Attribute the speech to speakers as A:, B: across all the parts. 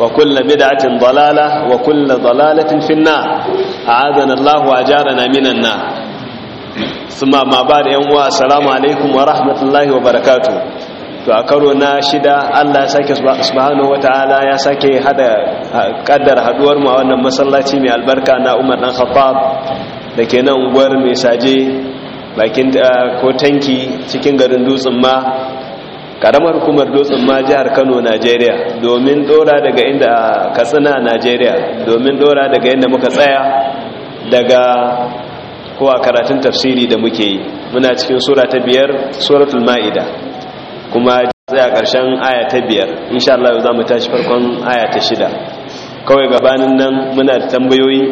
A: وكل بدعة ضلالة وكل ضلالة في النار أعاذنا الله وأجارنا من النار ثم ما بعد يوم السلام عليكم ورحمة الله وبركاته to a karo na shida Allah sake subhanahu wataala ya sake hada kaddar haɗuwar mu a wannan masallaci mai albarka na Umar dan Khattab dake nan unguwar mai saje bakin ah, ko cikin garin dutsen ma karamar hukumar dutsen ma jihar kano najeriya domin dora daga inda katsina najeriya domin dora daga inda muka tsaya daga kowa karatun tafsiri da muke yi muna cikin sura ta biyar suratul ma'ida kuma a karshen aya ta biyar insha Allah za mu tashi farkon aya ta shida kawai gabanin nan muna da tambayoyi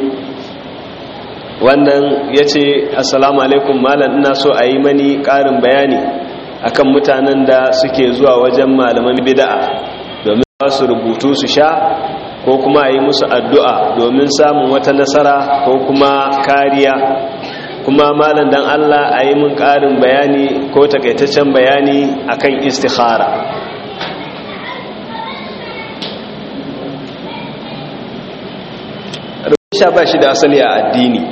A: wannan ya ce assalamu alaikum malam ina so a yi mani ƙarin bayani akan mutanen da suke zuwa wajen malaman bid'a domin su rubutu su sha ko kuma yi musu addu'a domin samun wata nasara ko kuma kariya kuma malam dan Allah a yi mun ƙarin bayani ko takaitaccen bayani akan istikhara sha ba shi da asali a addini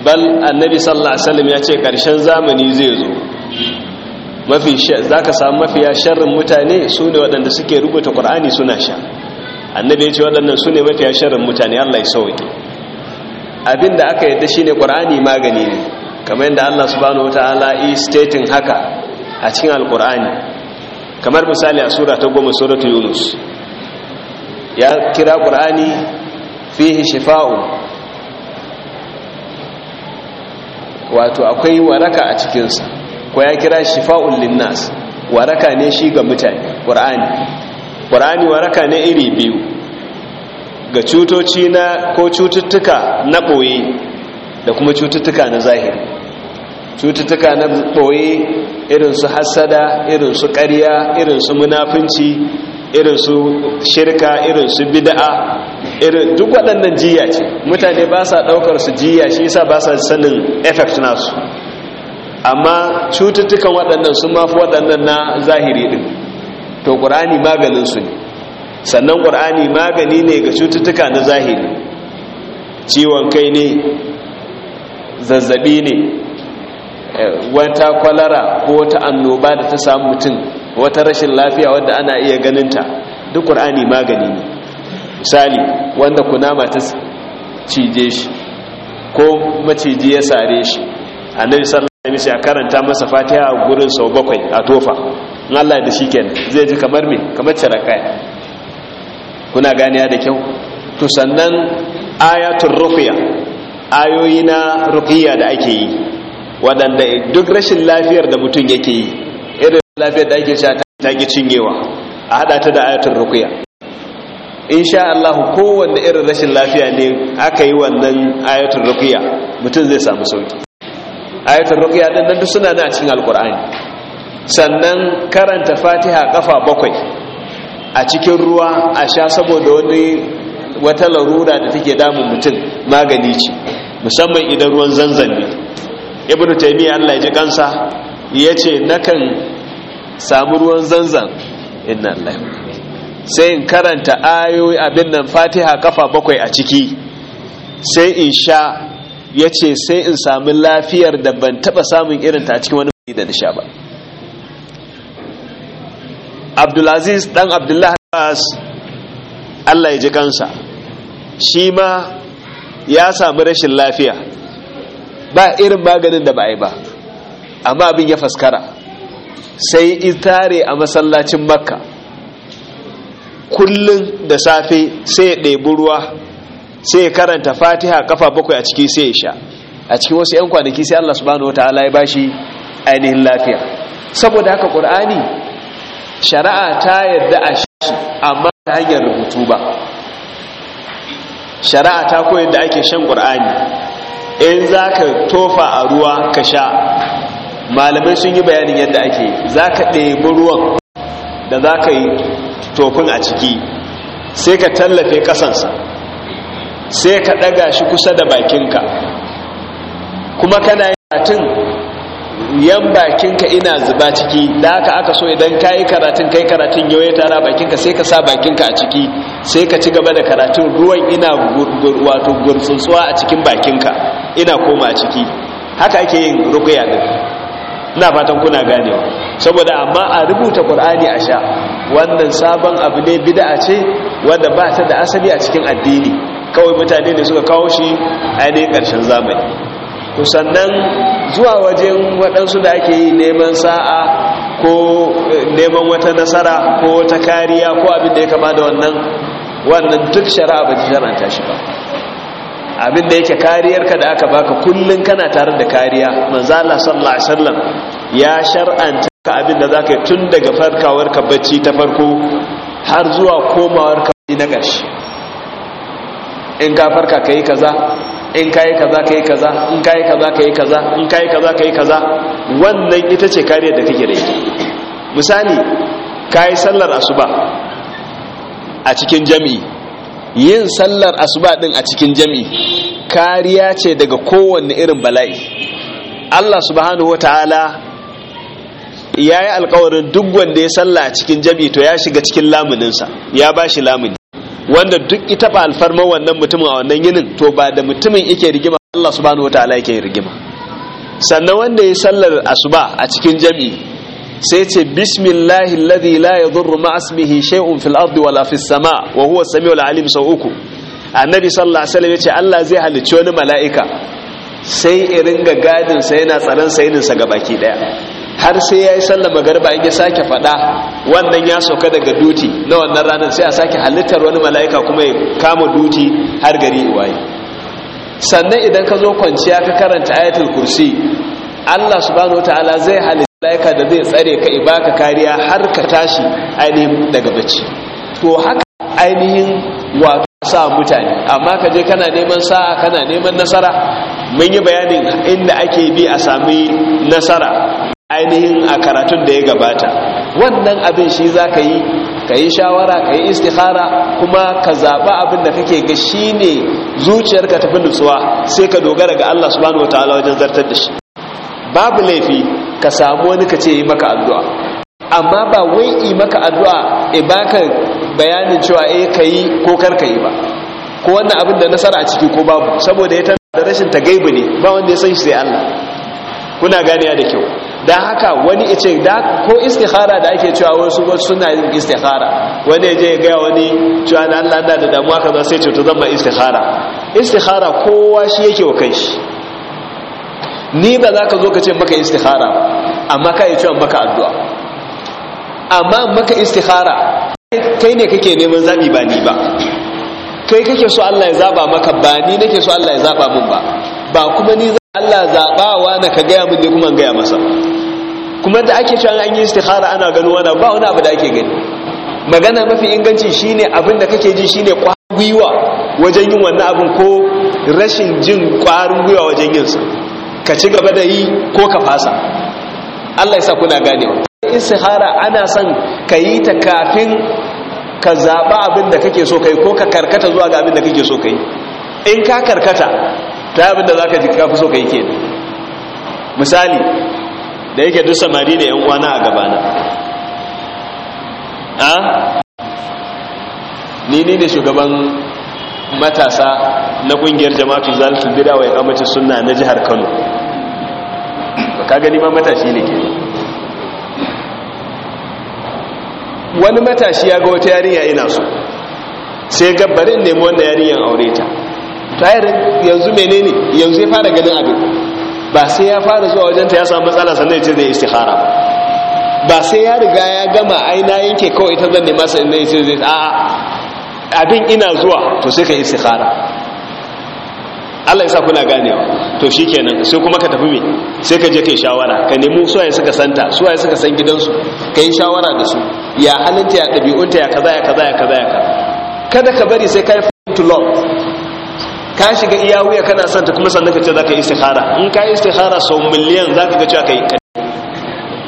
A: bal annabi sallallahu alaihi wasallam ya ce ƙarshen zamani zai zo mafi zaka samu mafiya sharrin mutane su ne waɗanda suke rubuta ƙur'ani suna sha annabi ya ce waɗannan su ne mafiya sharrin mutane allah ya sauke abin da aka yadda shine ƙur'ani magani ne kamar yadda allah subhanahu wa ta'ala yi statin haka a cikin alƙur'ani kamar misali a sura ta goma suratu yunus ya kira ƙur'ani fihi shifa'u wato akwai waraka a cikinsa ko ya kira shifa'un linnas waraka ne shi ga mutane qur'ani qur'ani waraka ne iri biyu ga cutoci na ko cututtuka na boye da kuma cututtuka na zahiri cututtuka na boye irin su hasada irin su ƙarya irin su munafunci irin su shirka irin su bid'a irin duk waɗannan jiya ce mutane ba sa ɗaukar su jiya shi yasa ba sa sanin effect nasu amma cututtukan waɗannan sun mafi waɗannan na zahiri ɗin to ƙur'ani maganinsu ne sannan ƙur'ani magani ne ga cututtuka na zahiri ciwon kai ne zazzabi ne eh, wata kwalara ko wata annoba da ta samu mutum wata rashin lafiya wadda ana iya ganinta duk ƙur'ani magani ne misali wanda kunama ta cije shi ko maciji ya sare shi annabi sallallahu annabi sai a karanta masa fatiha a gurin sau bakwai a tofa in Allah da shikenan zai ji kamar me kamar cirakaya kuna ganiya da kyau to sannan ayatul ruqya ayoyi na ruqya da ake yi wadanda duk rashin lafiyar da mutum yake yi irin lafiyar da ake sha ta ki cinyewa a hada ta da ayatul ruqya insha Allah kowanne irin rashin lafiya ne aka yi wannan ayatul ruqya mutum zai samu sauki ayatul ruqya din nan duk suna nan a cikin alqur'ani sannan karanta fatiha kafa bakwai a cikin ruwa a sha saboda wani wata larura da take damun mutum magani ce musamman idan ruwan zanzan ne ibnu taymiya Allah ya ji kansa yace nakan samu ruwan zanzan inna Allah sai in karanta ayoyi abin nan fatiha kafa bakwai a ciki sai in sha ya ce sai in sami lafiyar da ban taba samun irinta a cikin wani da nisha ba abdulaziz ɗan abdullahi abbas allah ya ji kansa shi ma ya sami rashin lafiya ba irin maganin da ba a yi ba amma abin ya faskara sai itare a masallacin makka kullum da safe sai ya ɗebi ruwa sai ya karanta fatiha kafa bakwai a ciki sai ya sha a cikin wasu 'yan kwanaki sai Allah subhanahu wataala ya bashi ainihin lafiya saboda haka ƙur'ani, shari'a ta yarda a shi amma ta hanyar rubutu ba shari'a ta koyar da ake shan ƙur'ani. in zaka tofa a ruwa ka sha malamai sun yi bayanin yadda ake zaka ɗebi ruwan da zaka yi tofin a ciki sai ka tallafe kasansa sai ka ɗaga shi kusa da bakinka kuma kana yatin yan bakinka ina zuba ciki da haka aka so idan ka yi karatun kai karatun yau ya tara bakinka sai ka sa bakinka a ciki sai ka ci gaba da karatun ruwan ina wato gurtsuntsuwa a cikin bakinka ina koma a ciki haka ake yin rukuya din ina fatan kuna ganewa saboda amma a rubuta qur'ani a sha wannan sabon abu ne bid'a ce wanda ba ta da asali a cikin addini kawai mutane ne suka kawo shi ainihin ƙarshen zamani to sannan zuwa wajen waɗansu da ake yi neman sa'a ko eh, neman wata nasara ko wata kariya ko abin da ya kama da wannan wannan duk shari'a ba an shi ba abin da yake kariyarka da aka baka kullum kana tare da kariya manzala sallallahu alaihi wasallam ya shar'anta ka abin da zaka yi tun daga farkawar ka bacci ta farko har zuwa komawar ka na gashi. in ka farka ka yi kaza in ka yi kaza ka yi kaza in ka yi kaza ka yi kaza in ka yi kaza ka yi kaza wannan ita ce kariyar da kake da ita misali ka yi sallar asuba a cikin jami'i yin sallar asuba din a cikin jami'i kariya ce daga kowanne irin bala'i Allah subhanahu wataala ya yi alkawarin duk wanda ya salla a cikin jami'i to ya shiga cikin lamuninsa ya ba shi lamuni wanda duk ita ba alfarma wannan mutumin a wannan yinin to ba da mutumin yake rigima Allah subhanahu wataala yake rigima sannan wanda ya sallar asuba a cikin jam'i sai ce bismillahi alladhi la yadurru ma ismihi shay'un fil ardi wala fis sama wa huwa samiul alim sau uku annabi sallallahu alaihi wasallam yace Allah zai halicci wani mala'ika sai irin ga gadin yana tsaron sa yinin sa gabaki daya har sai ya yi sallar magarba in ya sake faɗa wannan ya sauka daga duti na wannan ranar sai a sake halittar wani mala'ika kuma ya kama duti har gari iwaye sannan idan ka zo kwanciya ka karanta ayatul kursi allah subhanahu ta'ala zai halitta mala'ika da zai tsare ka ka kariya har ka tashi ainihin daga bacci to haka ainihin wato sa mutane amma ka je kana neman sa'a kana neman nasara mun yi bayanin inda ake bi a sami nasara ainihin a karatun da ya gabata wannan abin shi za ka yi ka yi shawara ka yi istihara kuma ka zaɓa abin da kake ga shi ne zuciyarka tafi nutsuwa sai ka dogara ga Allah subhanahu wataala wajen zartar da shi babu laifi ka samu wani ka ce yi maka addu'a amma ba wai yi maka addu'a e baka bayanin cewa eh ka yi ko kar ka yi ba ko wannan abin da nasara a ciki ko babu saboda ya tana da rashin ta gaibu ne ba wanda ya san shi sai Allah kuna ganiya da kyau da haka wani ce da ko istikhara da ake cewa wasu suna yin istikhara wani je ga wani cewa da Allah da da damuwa kaza sai ce to zan ma istikhara istikhara kowa shi yake wa kai shi ni ba za ka zo ka ce maka istikhara amma kai cewa maka addu'a amma maka istikhara kai ne kake neman zabi ba ni ba kai kake so Allah ya zaba maka ba ni nake so Allah ya zaba min ba ba kuma ni Allah zaɓawa na ka gaya mun da kuma gaya masa kuma da ake cewa an yi istikhara ana gano wani ba wani abu da ake gani magana mafi inganci shine abin da kake ji shine kwarin gwiwa wajen yin wannan abin ko rashin jin kwarin gwiwa wajen yin sa ka ci gaba da yi ko ka fasa Allah ya sa kuna ganewa istikhara ana son ka yi ta kafin ka zaɓa abin da kake so kai ko ka karkata zuwa ga abin da kake so kai in ka karkata ta abin da za ka ji kafi so ka yi ke misali da yake duk samari da yan uwana a gabana a ni ni ne shugaban matasa na kungiyar jama'atu zalitul bid'a wa iqamati suna na jihar Kano ka gani ma matashi ne ke wani matashi ya ga wata yarinya ina so sai gabbarin nemi wannan ya aure ta tayarin yanzu menene yanzu ya fara ganin abin ba sai ya fara zuwa wajenta ya samu matsala sannan ya ce zai istihara ba sai ya riga ya gama aina yanke kawai ita zan nema inda ya ce zai a'a abin ina zuwa to sai ka yi istihara Allah ya sa kuna ganewa to shikenan sai kuma ka tafi me sai ka je kai shawara ka nemi suwaye suka santa suwaye suka san gidansu ka yi shawara da su ya halinta ya ɗabi'unta ya kaza ya kaza ya kaza ya kaza kada ka bari sai ka yi to love ka shiga iya wuya kana son ta kuma sannan ka ce za ka yi istihara in ka yi istihara sau miliyan za ka ga cewa ka yi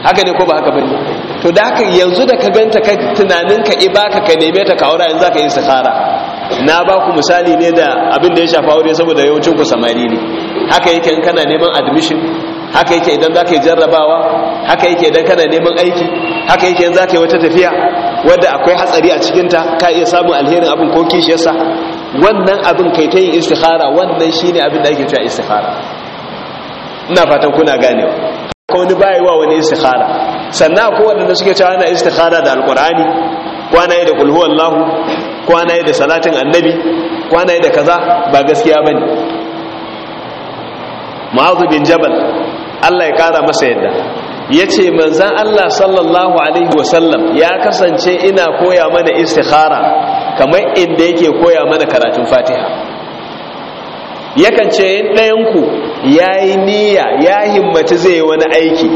A: haka ne ko ba haka bane to da haka yanzu da ka ganta ka tunanin ka iba ka ka neme ta kawara yanzu ka yi istihara na ba ku misali ne da abin da ya shafa aure saboda yawancin ku samari ne haka yake in kana neman admission haka yake idan ka yi jarrabawa haka yake idan kana neman aiki haka yake za ka yi wata tafiya wadda akwai hatsari a cikin ta ka iya samun alherin abin ko kishiyarsa wannan abin kai ta yin istihara wannan shine abin da ake cewa istikhara ina fatan kuna gane ko wani bai wa wani istikhara sannan ko wanda suke cewa ana istikhara da alqur'ani kwana yi da qul huwallahu kwana yi da salatin annabi kwana yi da kaza ba gaskiya bane mu'adh bin jabal Allah ya kara masa yadda ya ce manzan Allah sallallahu Alaihi wasallam ya kasance ina koya mana istikhara kamar inda yake koya mana karatun fatiha yakan ce ɗayanku ya yi niyya ya himmaci zai yi wani aiki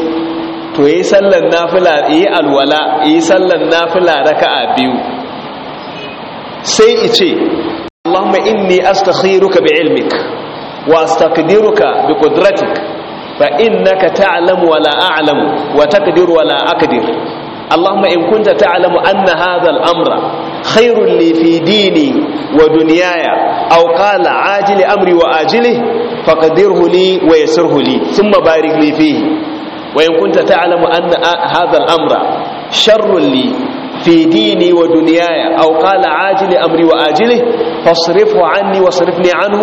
A: to yi sallan nafila yi alwala yi sallan nafila a biyu sai ice Allahumma inni astakhiruka bi ilmik wa astaqdiruka bi qudratik fa innaka ta'lamu wa la a'lamu wa taqdiru wa la aqdir اللهم إن كنت تعلم أن هذا الأمر خير لي في ديني ودنياي أو قال عاجل أمري وآجله فقدره لي ويسره لي ثم بارك لي فيه وإن كنت تعلم أن هذا الأمر شر لي في ديني ودنياي أو قال عاجل أمري وآجله فاصرفه عني واصرفني عنه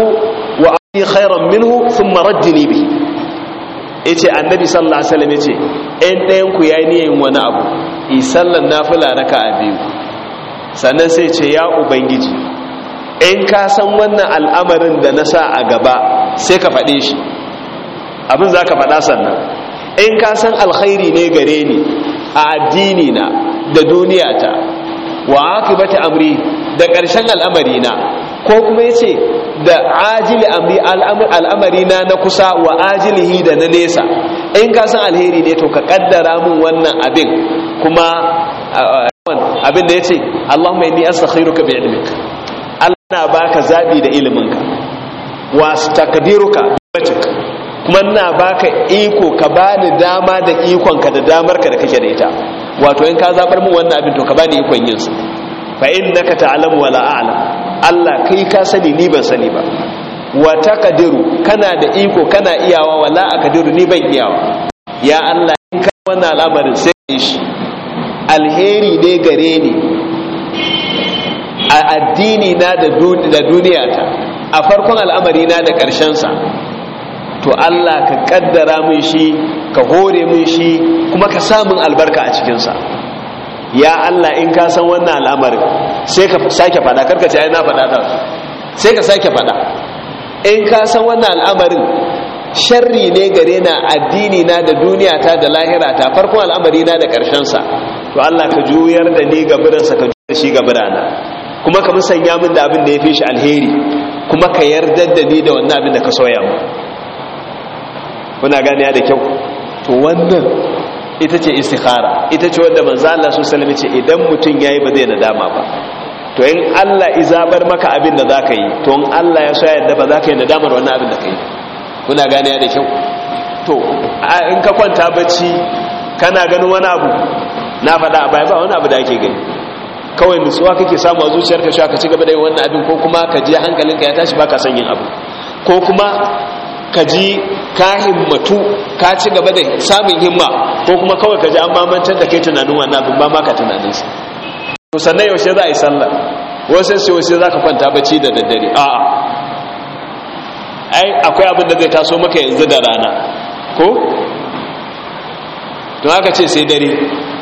A: وأعطي خيرا منه ثم ردني به ya ce annabi sallallahu alaihi wasallam ya ce ɗayan ɗayanku ya yi niyan wani abu Sallan nafila raka a biyu sannan sai ce ya ubangiji in ka san wannan al'amarin da na sa a gaba sai ka faɗe shi abin za ka faɗa sannan in ka san alkhairi ne gare ni a addini na da duniyata wa ta amri da ƙarshen al'amari na ko kuma ya ce da ajili al'amari na na kusa wa ajilihi da na nesa in ka san alheri ne to ka kaddara mun wannan abin kuma abin da ya ce allahumma inni ka bi ilmik allah na baka zabi da iliminka wa taqdiruka bi kuma na baka iko ka bani dama da ikonka da damarka da kake da ita wato in ka zabar mun wannan abin to ka bani ikon yin su fa innaka ta'lamu wa la a'lam Allah kai ka sani ni ban sani ba wa taqdiru kana da iko kana iyawa wala aqdiru ni ban iyawa ya Allah in ka wannan al'amarin sai ka shi alheri dai gare ni a addini na da duniya ta a farkon al'amari na da ƙarshen sa to Allah ka kaddara mun shi ka hore mun shi kuma ka sa min albarka a cikinsa ya Allah in ka san wannan al'amarin sai ka sake fada karka ce ai na fada da sai ka sake fada in ka san wannan al'amarin sharri ne gare na addini na da duniya ta da lahira ta farkon al'amari na da karshen sa to Allah ka juyar da ni ga biransa ka juyar shi ga birana kuma ka musanya min da abin da ya fi shi alheri kuma ka yarda da ni da wannan abin da ka soya mu kuna gane da kyau to wannan ita ce istikhara ita ce wanda manzo Allah su sallame ce idan mutum yayi ba zai nadama ba to in Allah izabar maka abin da zaka yi to in Allah ya so ya yadda ba zaka yi nadamar wannan abin da kai kuna gane ya da kyau to in ka kwanta bacci kana ganin wani abu na faɗa ba baya ba wani abu da ake gani kawai nutsuwa kake samu a zuciyarka shi ka ci gaba da yin wannan abin ko kuma ka je hankalinka ya tashi baka son yin abu ko kuma ka ji ka himmatu ka ci gaba da samun himma ko kuma kawai kaji an bambancin da kai tunanin wannan abin ba maka tunanin sa to sannan yaushe za a yi sallah wasu sai yaushe za ka kwanta bacci da daddare a'a ai akwai abin da zai taso maka yanzu da rana ko to haka ce sai dare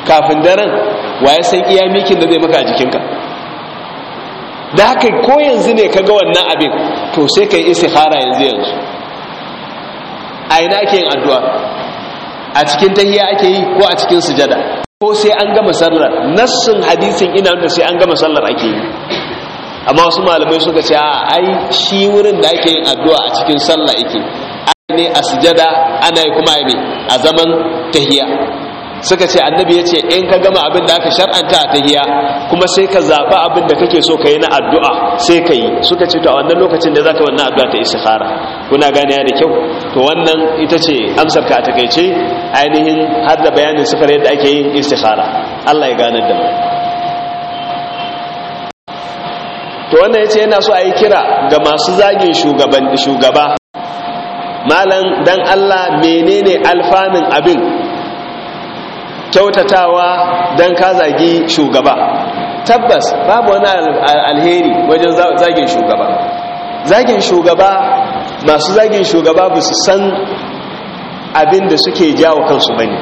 A: kafin daren waye san iya mikin da zai maka a jikinka da haka ko yanzu ne kaga wannan abin to sai kai istikhara yanzu yanzu a ina ke yin addu'a a cikin tahiya ake yi ko a cikin sujada ko sai an gama sallar nassin hadisin ina wanda sai an gama sallar ake yi amma wasu malamai suka ce a ai shi wurin da ake yin addu'a a cikin sallah yake ne a sujada ana yi kuma ne a zaman tahiya suka ce annabi ya ce in ka gama abin da aka shar'anta a tahiya kuma sai ka zaɓa abin da kake so ka yi na addu'a sai ka yi suka ce to a wannan lokacin da za ka wannan addu'a ta istikhara kuna ya da kyau to wannan ita ce amsar ka a takaice ainihin har da bayanin sifar yadda ake yin istikhara Allah ya gane da mu to wannan yace yana so a yi kira ga masu zagin shugaba malam dan Allah menene alfanun abin kyautatawa don ka zagi shugaba tabbas babu wani alheri wajen zagin shugaba zagin shugaba masu zagin shugaba ba su san abin da suke jawo kansu bane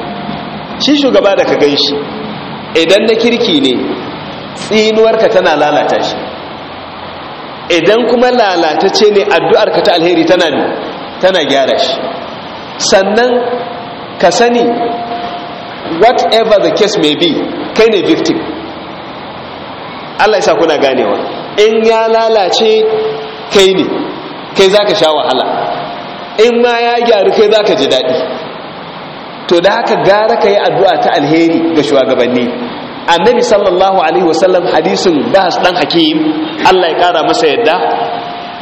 A: shi shugaba da ka gan shi idan na kirki ne tsinuwarka tana lalata shi idan kuma lalata ce ne addu'arka ta alheri tana gyara shi sannan ka sani whatever the case may be kai ne victim Allah isa kuna ganewa in ya lalace kai ne kai za ka sha wahala in ma ya gyaru kai za ka ji daɗi to da haka gara ka yi addu'a ta alheri ga shugabanni annabi sallallahu alaihi wasallam hadisin bahas dan hakim Allah ya kara masa yadda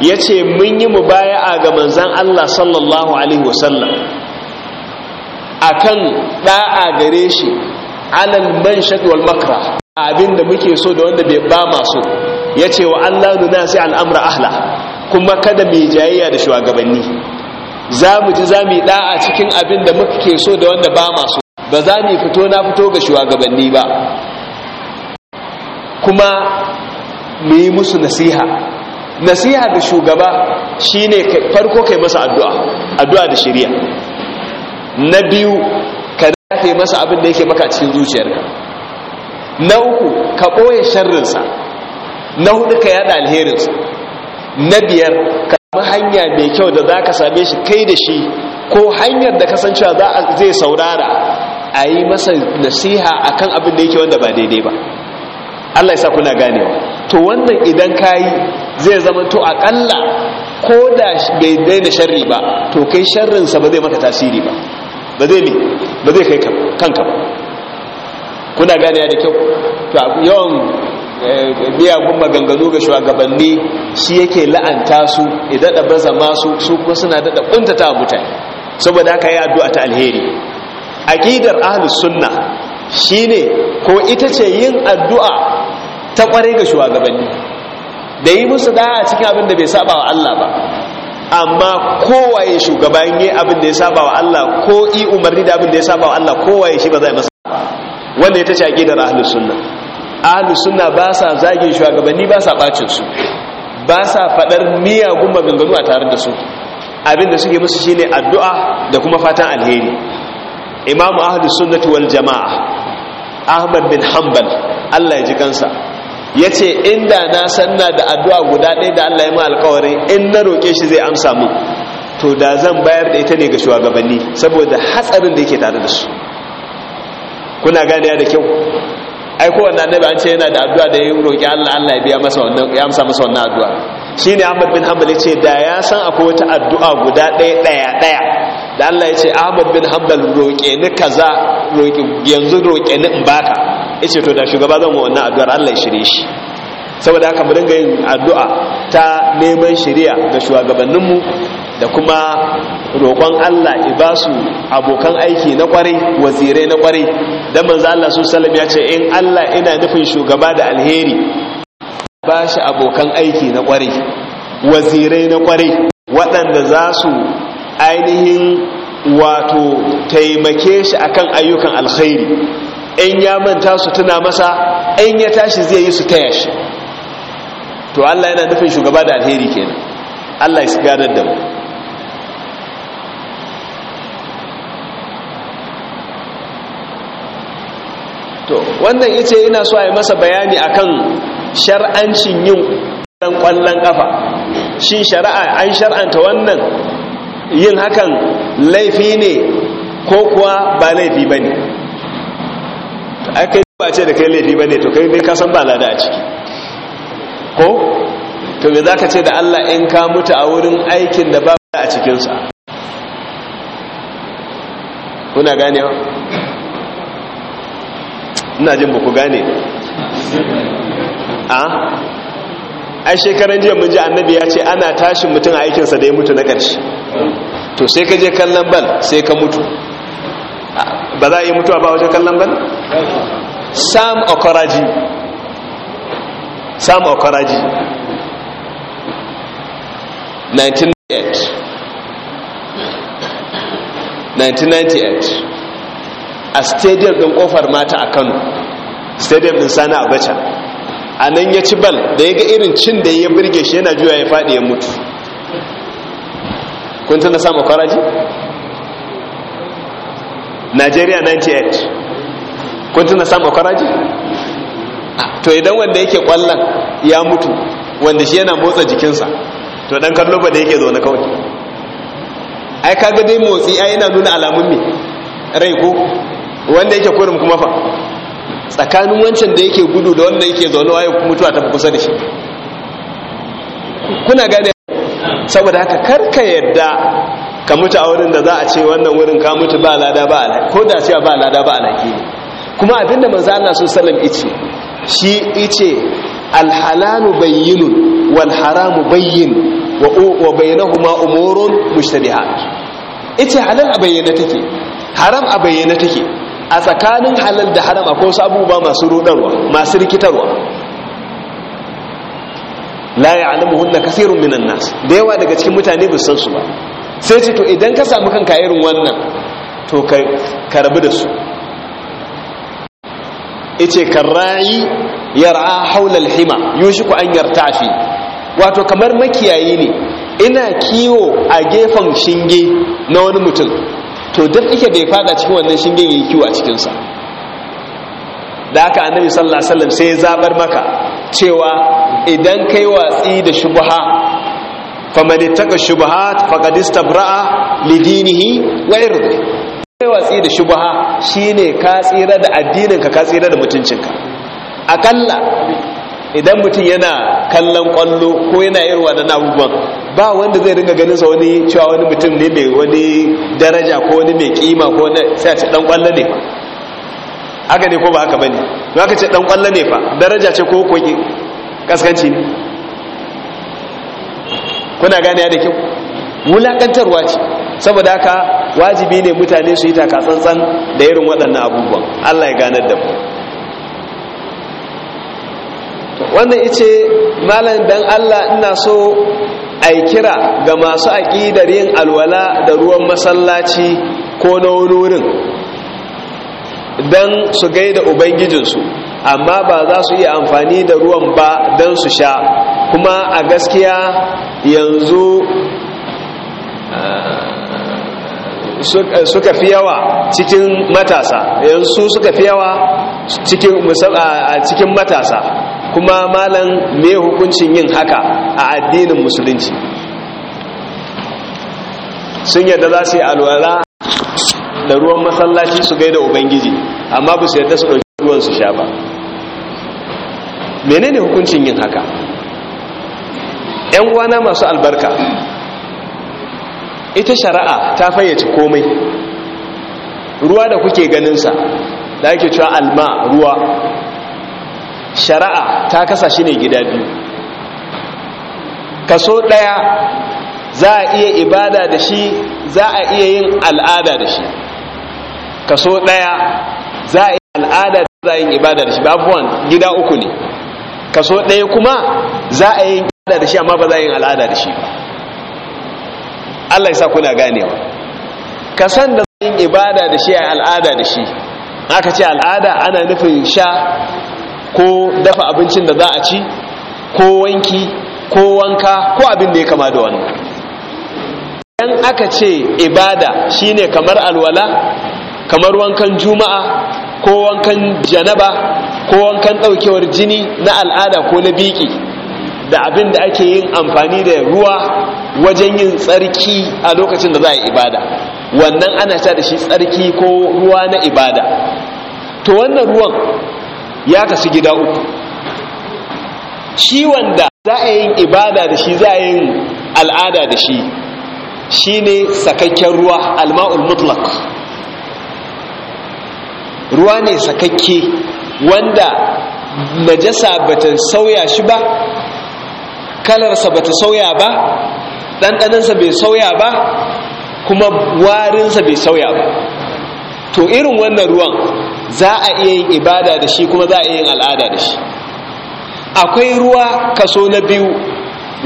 A: ya ce mun yi a ga Manzan Allah sallallahu alaihi wasallam akan da'a gare shi alal man wal makra abinda muke so da wanda bai ba Ya yace wa Allah nuna sai amra ahla kuma kada mai jayayya da shugabanni za mu ji za mu da'a cikin abinda muke so da wanda ba so. ba za mu fito na fito ga shugabanni ba kuma mu yi musu nasiha nasiha da shugaba shine farko kai masa addu'a addu'a da shari'a na biyu ka dafe masa abin da yake maka a cikin zuciyarka na uku ka ɓoye sharrinsa na hudu ka yada alherinsa na biyar ka samu hanya mai kyau da za ka same shi kai da shi ko hanyar da cewa a zai saurara a yi masa nasiha a kan abin da yake wanda ba daidai ba Allah ya sa kuna ganewa to wannan idan ka yi zai zama to akalla ko da bai daina sharri ba to kai sharrinsa ba zai maka tasiri ba ba zai ba kai kanka ba kuna gane da kyau to yawan eh, miyagun maganganu ga shugabanni shi yake la'anta su idan da baza masu su kuma suna daɗa ta mutane saboda haka yi addu'a ta alheri aƙidar ahlus sunna shine ko ita ce yin addu'a ta ƙware ga shugabanni da yi musu da'a cikin abin da bai saba wa Allah ba amma kowaye shugaban yi abin da ya saba wa Allah ko yi umarni da abin da ya saba wa Allah kowaye shi ba zai masa wanda ya tace aqidar ahlus sunna ahlus sunna ba sa zagin shugabanni ba sa bacin su ba sa fadar gumma maganganu a tare da su abin da suke musu shine addu'a da kuma fatan alheri imamu ahlus sunnati wal jamaa ahmad bin hanbal Allah ya ji kansa ya ce inda na sanna da addu'a guda ɗaya da Allah ya ma alkawarin in na roƙe shi zai amsa mun to da zan bayar da ita ne ga shugabanni saboda hatsarin da yake tare da su kuna gane da kyau ai kowanne annabi an ce yana da addu'a da ya roƙi Allah Allah ya biya masa wannan ya amsa masa wannan addu'a shine Ahmad bin Hanbal ya ce da ya san akwai wata addu'a guda ɗaya ɗaya ɗaya da Allah ya ce Ahmad bin Hanbal roƙe ni kaza yanzu roƙe ni in baka ce to da shugaba zan wannan addu'ar Allah ya shirye shi saboda haka mu dinga yin addu'a ta neman shari'a ga mu da kuma roƙon Allah ya ba su abokan aiki na kwarai wazirai na kwarai dan manzo Allah su sallama ya ce in Allah ina nufin shugaba da alheri ba shi abokan aiki na kwarai wazirai na kwarai waɗanda za su ainihin wato taimake shi akan ayyukan alkhairi in ya manta su tuna masa in ya tashi zai yi su ta yashi. to Allah yana nufin shugaba da alheri kenan Allah ya ganar da mu to wannan yace yana so a yi masa bayani akan shar'ancin yin kwallon kafa shi shari'a an shar'anta wannan yin hakan laifi ne ko kuwa ba laifi bane ai kai ba ce da kai laifi ba ne to kai ne kasan ba lada a ciki ko to me za ka ce da allah in ka mutu a wurin aikin da ba a cikinsa kuna gane wa? ina jin ba ku gane a ai shekaran jiya mun ji annabi ya ce ana tashin mutum a aikinsa da ya mutu na ƙarshe to sai ka je kallon bal sai ka mutu ba za a yi mutuwa ba wajen kallon bane? sam okoraji sam okoraji 1998 1998 a stadium din kofar mata a kano stadium din sana abacha a nan ya ci bal da ya ga irin cin da ya birge shi yana juya ya faɗi ya mutu kun tana samu kwaraji? nigeria 98 kun tuna sam kwaraji? Ah, to idan wanda yake kwallon ya mutu wanda shi yana motsa jikinsa to dan kallo ba da yake zaune kawai ai kaga dai motsi ai yana nuna alamun me rai ko wanda yake kurum kuma fa tsakanin wancan da yake gudu da wanda yake zaune waye mutuwa ta kusa da shi kuna gane saboda haka karka yadda ka mutu a wurin da za a ce wannan wurin ka mutu ba lada ba alaki ko da cewa ba lada ba alaki ne kuma abinda manzo Allah su sallam ice shi ice alhalalu bayyinun wal haramu bayyin wa wa bainahuma umurun mushtabihat ice halal a bayyana take haram a bayyana take a tsakanin halal da haram akwai wasu abubuwa masu rudarwa masu rikitarwa la ya'lamuhunna kaseerun minan nas da yawa daga cikin mutane ba san su ba sai ce to idan ka samu kanka irin wannan to ka rabu da su ice karra'i yar'a haular hima ku an yartafi wato kamar makiyayi ne ina kiwo a gefen shinge na wani mutum to duk ike bai faɗa fada cikin wannan shingen yi kiwo a cikinsa? da aka annabi sallallahu alaihi wasallam sai ya zabar maka cewa idan kai watsi da shubha faman fa shubuhat faqad istabra'a li dinihi wa irdi watsi da shubha shine ka tsira da addininka ka tsira da mutuncinka akalla idan mutum yana kallon kwallo ko yana irwa da abubuwan ba wanda zai ringa ganin sa wani cewa wani mutum ne mai wani daraja ko wani mai kima ko wani sai a ce dan kwallo ne haka ne ko ba haka bane ka ce dan kwallo ne fa daraja ce ko koki kaskanci kuna gane da kyau wulakantarwa ce saboda haka wajibi ne mutane su yi tsantsan da irin waɗannan abubuwan allah ya gane da mu wannan ice malam dan allah ina so a kira ga masu aƙidar yin alwala da ruwan masallaci ko na wani wurin don su gaida ubangijinsu amma ba za su iya amfani da ruwan ba don su sha kuma a gaskiya yanzu eh, suka fi yawa cikin matasa yanzu suka fi yawa cikin matasa kuma malam me hukuncin yin haka a addinin musulunci sun yadda za su yi alwala da ruwan masallaci su gaida ubangiji amma ba su yadda su ɗauki ruwan su sha ba menene hukuncin yin haka ‘yan uwana masu albarka ita shari'a ta fayyace komai ruwa da kuke ganinsa da ake cewa alma ruwa shari'a ta kasa shi ne gida biyu kaso ɗaya za a iya ibada da shi za a iya yin al'ada da shi kaso ɗaya za a iya al'ada da za a yin ibada da shi babuwan gida uku ne kaso ɗaya kuma za a yi al'ada da shi amma ba za a yi al'ada da shi ba Allah ya sa kuna ganewa kasan da yi ibada da shi a al'ada da shi aka ce al'ada ana nufin sha ko dafa abincin da za a ci ko wanki ko wanka ko abin da ya kama da wannan idan aka ce ibada shine kamar alwala kamar wankan juma'a ko wankan janaba ko wankan daukewar jini na al'ada ko na biki da abin da ake yin amfani da ruwa wajen yin tsarki a lokacin da za a ibada wannan ana sha da shi tsarki ko ruwa na ibada to wannan ruwan ya kasu gida uku ciwon da za a yin ibada da shi za a yin al'ada da shi shi ne sakakken ruwa alma'ul mutlaka ruwa ne sakakke wanda najasa bata sauya shi ba kalarsa bata sauya ba ɗanɗanansa bai sauya ba kuma warinsa bai sauya ba to irin wannan ruwan za a iya yin ibada da shi kuma za a iya yin al'ada da shi akwai ruwa kaso na biyu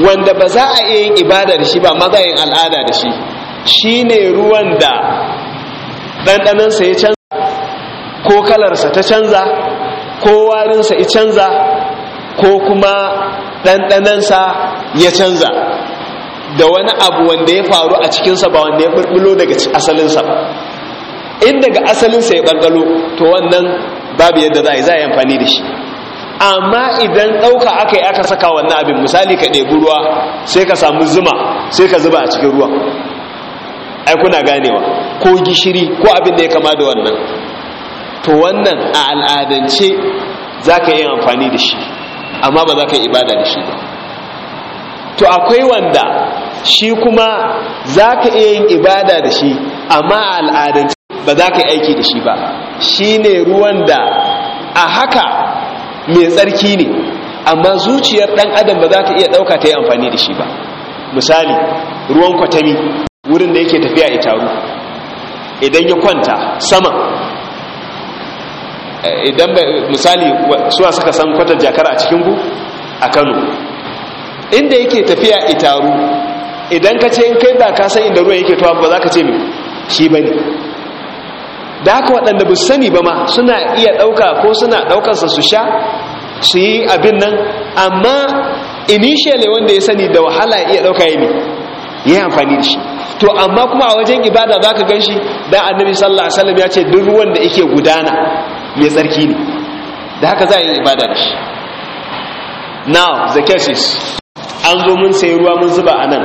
A: wanda ba za a iya yin ibada da shi ba ma za a yin al'ada da shi shi ne ruwan da ɗanɗanansa ya canza ko kalarsa ta canza ko warinsa ya canza ko kuma ɗanɗanansa ya canza da wani abu wanda ya faru a cikinsa ba wanda ya ɓulɓulo daga asalinsa ba in daga asalinsa ya ɓangalo to wannan babu yadda za a yi za a yi amfani da shi amma idan ɗauka aka yi aka saka wannan abin misali ka ɗebi ruwa sai ka samu zuma sai ka zuba a cikin ruwa ai kuna ganewa ko gishiri ko abin da ya kama da wannan to wannan a al'adance za ka yi amfani da shi amma ba za ka yi ibada da shi ba to akwai wanda shi kuma za ka iya yin ibada da shi amma a al'adance ba za ka yi aiki da shi ba shi ne ruwan da a haka mai tsarki ne amma zuciyar ɗan adam ba za ta iya ɗauka ta yi amfani da shi ba misali ruwan kwatami wurin da yake tafiya taru, idan ya kwanta sama idan misali suwa suka san kwatar jakar a bu a kano inda yake tafiya itaru idan ka ce in kai ba ka san inda ruwa yake tuwa ba za ka ce shi ba ne da haka waɗanda bu sani ba ma suna iya ɗauka ko suna ɗaukarsa su sha su yi abin nan amma initially wanda ya sani da wahala iya ɗauka ya ne ya yi amfani da shi to amma kuma a wajen ibada za ka gan shi da annabi sallallahu alaihi wasallam ya ce duk ruwan da yake gudana ya tsarki ne da haka za a yi ibada da shi now the cases. an zo mun sayi ruwa mun zuba a nan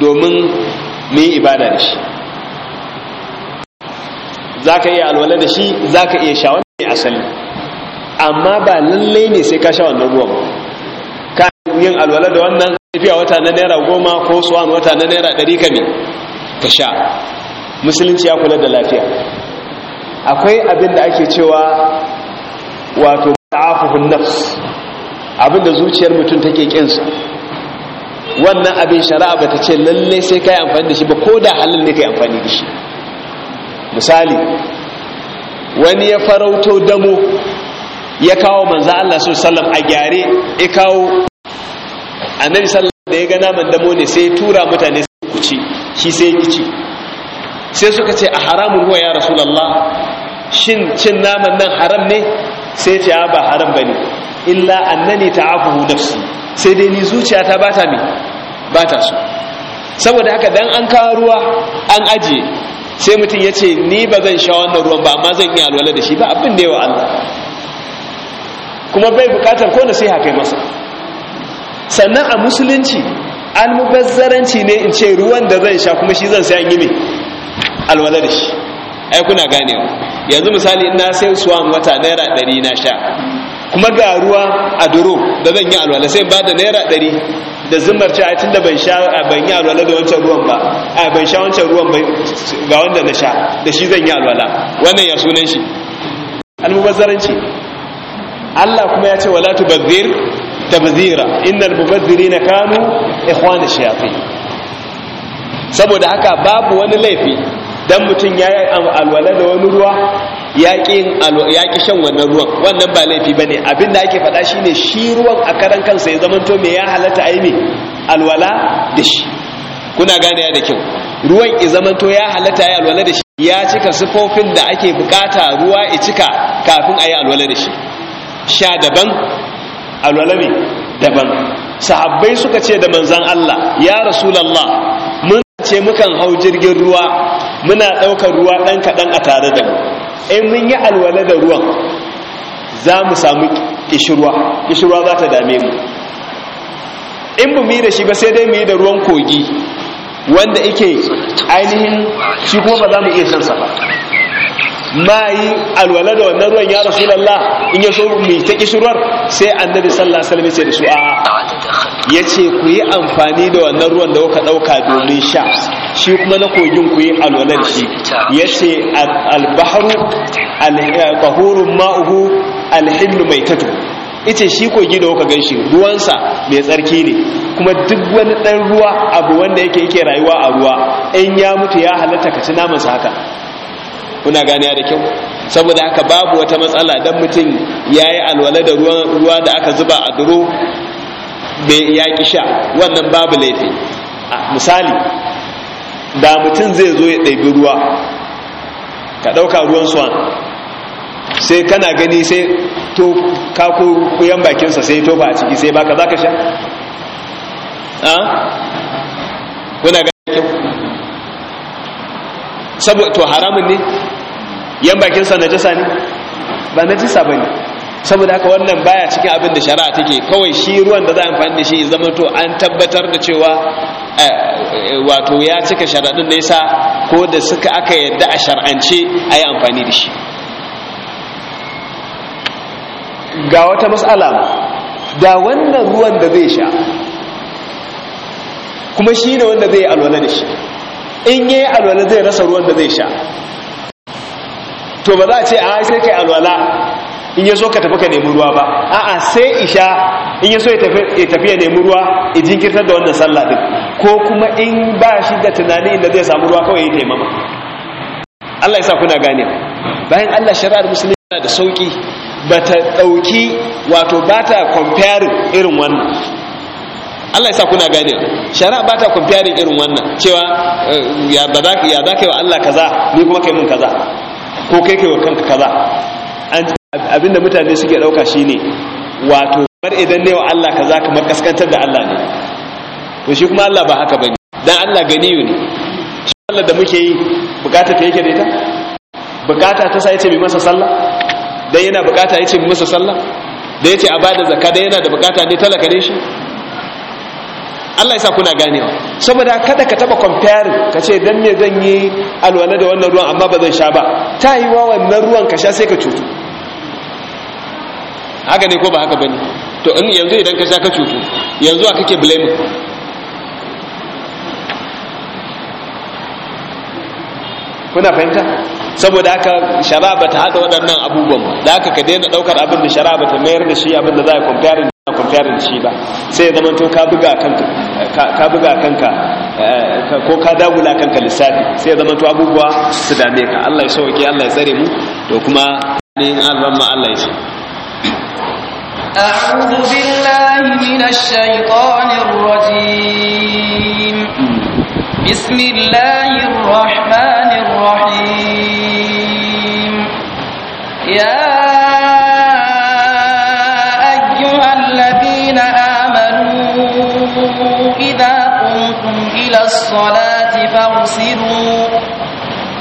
A: domin mu yi ibada da shi za ka iya alwala da shi za ka iya sha wannan mai asali amma ba lallai ne sai ka sha wannan ruwan ka yin alwala da wannan tafiya wata na naira goma ko suwan wata na naira ɗari kame ka sha musulunci ya kula da lafiya akwai abin da ake cewa wato ta'afuhun nafs abin da zuciyar mutum take kinsa wannan abin shari'a bata ce lalle sai kai amfani da shi ba ko da halin ne kai amfani da shi misali wani ya farauto damo ya kawo manzo Allah sallallahu a gyare ya kawo annabi sallallahu da ya ga naman damo ne sai tura mutane su kuci shi sai ya kici sai suka ce a haramun ruwa ya rasu rasulallah shin cin naman nan haram ne sai ce ba haram ba ne illa annani abubu nafsi sai dai ni zuciyata ba ta me ba ta so saboda haka dan an kawo ruwa an ajiye sai mutum ya ce ni ba zan sha wannan ruwan ba amma zan iya alwala da shi ba abin da yawa Allah kuma bai bukatar ko nasiha kai masa sannan a musulunci almubazzaranci ne in ce ruwan da zan sha kuma shi zan sai an yi mai alwala da shi ai kuna wa yanzu misali ina sai suwan wata naira ɗari na sha kuma ga ruwa a duro da zan yi alwala sai ba da naira ɗari da zimmar ci a tun da ban sha ban yi alwala da wancan ruwan ba a ban sha wancan ruwan ba ga wanda na sha da shi zan yi alwala wannan ya sunan shi almubazzaranci Allah kuma ya ce wala tubazzir tabzira innal mubazzirina kanu ikhwana shayatin saboda haka babu wani laifi dan mutum ya alwala da wani ruwa ya ki shan wannan ruwan wannan ba laifi ba ne abinda ake faɗa shine shi ruwan a karan kansa ya to me ya halatta aimi alwala da shi kuna gane da kyau ruwan ya to ya halatta ya alwala da shi ya cika sifofin da ake bukata ruwa ya cika kafin a yi alwala da shi sha daban alwalami ne daban sahabbai suka ce da manzan Allah ya rasulallah mun ce mukan hau jirgin ruwa muna ɗaukar ruwa ɗan kaɗan a tare da mu in mun yi alwala da ruwan za mu samu kishirwa kishirwa za ta dame mu in ba mu yi da shi ba sai dai mu yi da ruwan kogi wanda ike ainihin shi kuma ba za mu iya sa ba Mayi alwala da wannan ruwan ya rasu rasulallah in ya so mai ta kishirwar sai annabi sallallahu alaihi wasallam ya ce su a ya ce ku yi amfani da wannan ruwan da kuka ɗauka domin sha shi kuma na kogin ku yi alwala da shi ya ce albahru alhahurun ma'uhu alhillu tatu ita shi kogi da kuka ganshi ruwansa mai tsarki ne kuma duk wani ɗan ruwa abu wanda yake yake rayuwa a ruwa in ya mutu ya halatta ka ci namansa haka kuna ganiya da kyau saboda haka babu wata matsala dan mutum yayi alwala da ruwa da aka zuba a duro bai ya kisha sha wannan babu laifi misali da mutum zai zo ya ɗabi ruwa ka ɗauka ruwan swan sai kana gani sai to kako kuyan bakinsa sai ba a ciki sai baka za ka sha kuna gani kyau saboda to haramun ne yan bakin sa najasa ne ba najasa bane saboda haka wannan baya cikin abin da shari'a take kawai shi ruwan da za a amfani da shi zama to an tabbatar da cewa eh, eh, wato ya cika sharaɗin da yasa ko da suka aka yadda a shar'ance a yi amfani da shi ga wata matsala da wannan ruwan da zai sha kuma shi ne wanda zai alwala da shi in yi alwala zai rasa ruwan da zai sha to ba za a ce a sai kai alwala in yaso ka tafi ka nemi ruwa ba a'a sai isha in ya ya tafi ya nemi ruwa ya jinkirtar da wannan sallah din ko kuma in ba shi da tunani inda zai samu ruwa kawai ya taimama Allah ya sa kuna gane bayan Allah shari'ar musulmi yana da sauki ba ta dauki wato ba ta compare irin wannan Allah ya sa kuna gane shari'a ba ta compare irin wannan cewa eh, ya ba za ka ya za ka yi wa Allah kaza ni kuma kai mun kaza ko kai kai wa kanka kaza abinda mutane suke dauka shine wato bar idan ne wa Allah kaza kamar kaskantar da Allah ne to shi kuma Allah ba haka bane dan Allah gani ne shi Allah da muke yi bukata ta yake da ita bukata ta sai ce bi masa sallah dan yana bukata yace bi masa sallah da yace a bada zakka dan yana da bukata ne talaka ne shi Allah yasa kuna ganewa saboda kada ka taba comparing ka ce dan me zan yi alwala da wannan ruwan amma ba zan sha ba ta yi wa wannan ruwan ka sha sai ka cutu haka ne ko ba haka bane to in yanzu idan ka sha ka cutu yanzu a kake blame kuna fahimta saboda haka shara ta hada waɗannan abubuwan ba da haka ka daina ɗaukar abin da shara ta mayar da shi abin da za a comparing na kwamfiyarin shi ba sai ya to ka buga kanka eh, ko ka dagula kanka lissafi sai ya to abubuwa su dame ka Allah ya sauke Allah ya tsare mu to kuma ne alban ma Allah ya ce
B: أعوذ بالله من الشيطان الرجيم بسم الله الرحمن الرحيم يا الصلاة فاغسلوا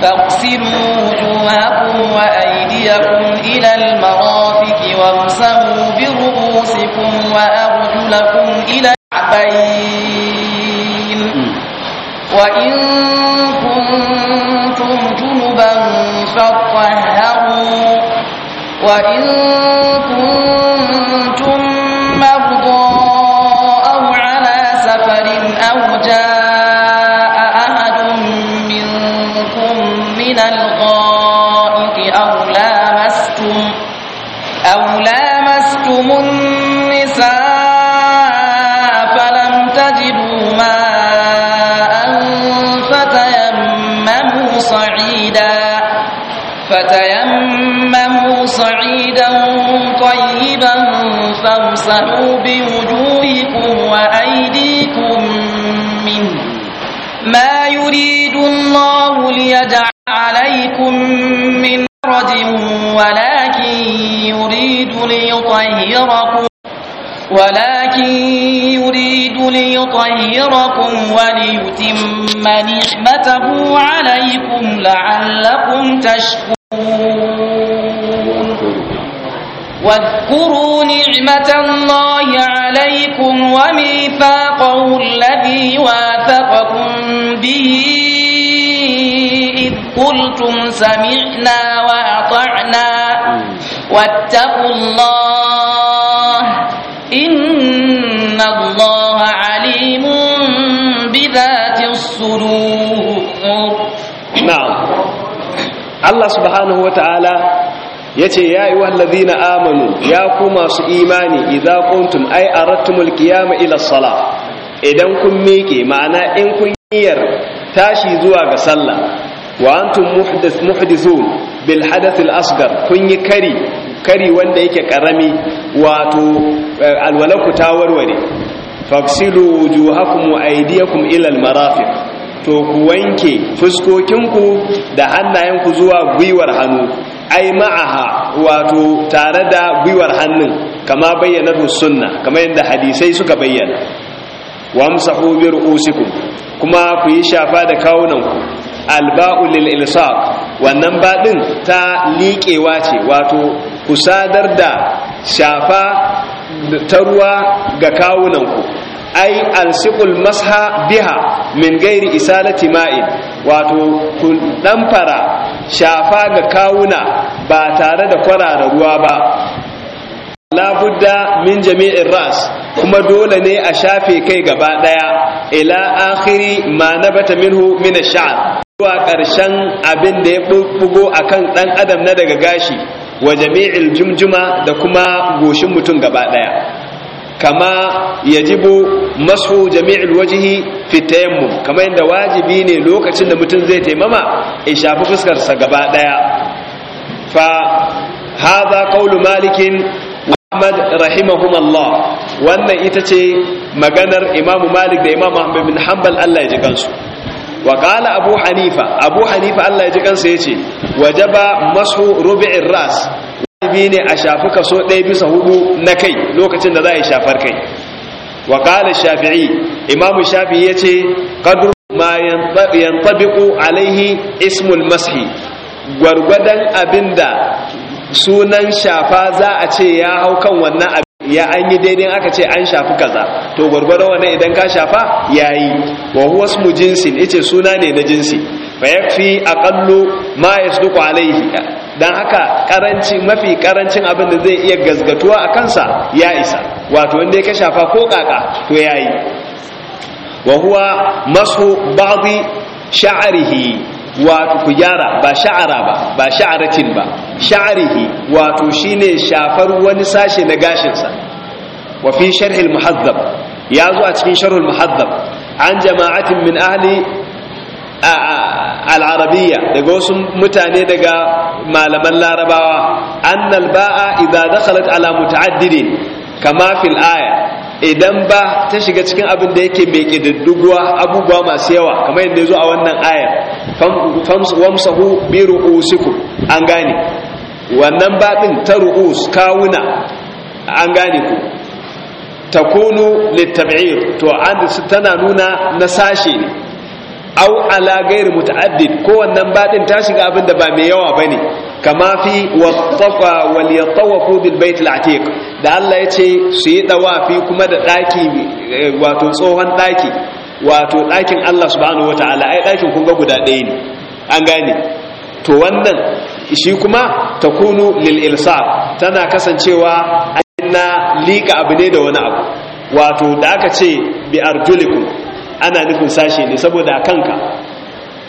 B: فاغسلوا وجوهكم وأيديكم إلى المرافق وامسحوا برؤوسكم وأرجلكم إلى الكعبين وإن كنتم جنبا فاطهروا وإن فاضربوا بوجوهكم وأيديكم منه ما يريد الله ليجعل عليكم من حرج ولكن يريد ليطهركم ولكن يريد ليطهركم وليتم نعمته عليكم لعلكم تشكرون واذكروا نعمة الله عليكم وميثاقه الذي واثقكم به إذ قلتم سمعنا وأطعنا واتقوا الله إن الله عليم بذات الصدور
A: نعم الله سبحانه وتعالى yace ya ayu allazina amanu ya ku masu imani idza kuntum ay aradtumul qiyama ila salah idan kun miƙe ma'ana in kun niyyar tashi zuwa ga sallah wa antum muhdis muhdisun bil hadath al asghar kun yi kari kari wanda yake karami wato eh, alwalaku ta warware fafsilu wujuhakum wa aydiyakum ila al marafiq to ku wanke fuskokinku da hannayenku zuwa gwiwar hannu ai ma'aha wato tare da gwiwar hannun kama bayyana sunna kama yadda hadisai suka bayyana amsahu bi ru'usikum kuma ku yi shafa da kawunanku alba'u lil ilsaq wannan baɗin ta liƙewa ce wato ku sadar da shafa ta ruwa ga kawunanku ai alsiqul masha biha min gairi isalati ma'in wato ku fara. shafa ga kawuna ba tare da kwarara ruwa ba labudda min jami'in ras kuma dole ne a shafe kai gaba daya ila akhiri ma nabata minhu min ash'ar shar zuwa karshen abin da ya bubbugo akan dan adam na daga gashi wa jami'il jumjuma da kuma goshin mutum gaba daya kama jibu masu jami'il wajihi fi tayammum kamar yadda wajibi ne lokacin da mutum zai taimama in shafi fuskarsa gaba daya fa hadha qawlu malikin Ahmad rahimahumullah wannan ita ce maganar Imam Malik da Imam Ahmad bin Hanbal Allah ya ji kansu wa qala Abu Hanifa Abu Hanifa Allah ya ji kansa yace wajaba masu rubi'ir ras wajibi ne a shafi kaso ɗaya bisa hudu na kai lokacin da za a yi shafar kai wa ƙalar shafi'i imamu shafi'i ya ce ƙadur ma yantabiku alaihi ismul mashi gwargwadon abinda sunan shafa za a ce ya hau kan wannan abin ya an yi daidai aka ce an shafi kaza to gwargwadon wannan idan ka shafa ya yi wa huwa jinsin ce suna ne na jinsi fa a aqallu ma yasduqu alaihi don haka karanci mafi karancin abin da zai iya gazgatuwa a kansa ya isa wato wanda ya ka shafa ko kaka to ya yi wa huwa masu ba'zi sha'arihi wato ku gyara ba sha'ara ba ba sha'aratin ba sha'arihi wato shine shafar wani sashe na gashinsa wa fi sharhil muhazzab ya zo a cikin sharhul muhazzab an jama'atin min ahli al'arabiyya daga wasu mutane daga malaman larabawa annal ba'a idza dakhalat ala muta'addidin kama fil aya idan ba ta shiga cikin abin da yake mai kididduguwa abubuwa masu yawa kamar yadda ya zo a wannan ayar famsahu bi ru'usiku an gane wannan baɗin ta ru'us kawuna an gane ku takunu litab'ir to an tana nuna na sashe au ala gairi muta'addid ko wannan badin ta shiga abin da ba mai yawa bane kama fi wasafa wal yatawafu bil bait al atiq da Allah yace su yi dawafi kuma da daki eh, wato tsohon daki wato dakin Allah subhanahu wataala ai dakin kun ga guda ɗaya ne an gane to wannan shi kuma takunu lil Ilsa tana kasancewa na liƙa abu ne da wani abu wato da aka ce bi arjulikum ana nufin sashe ne saboda a kanka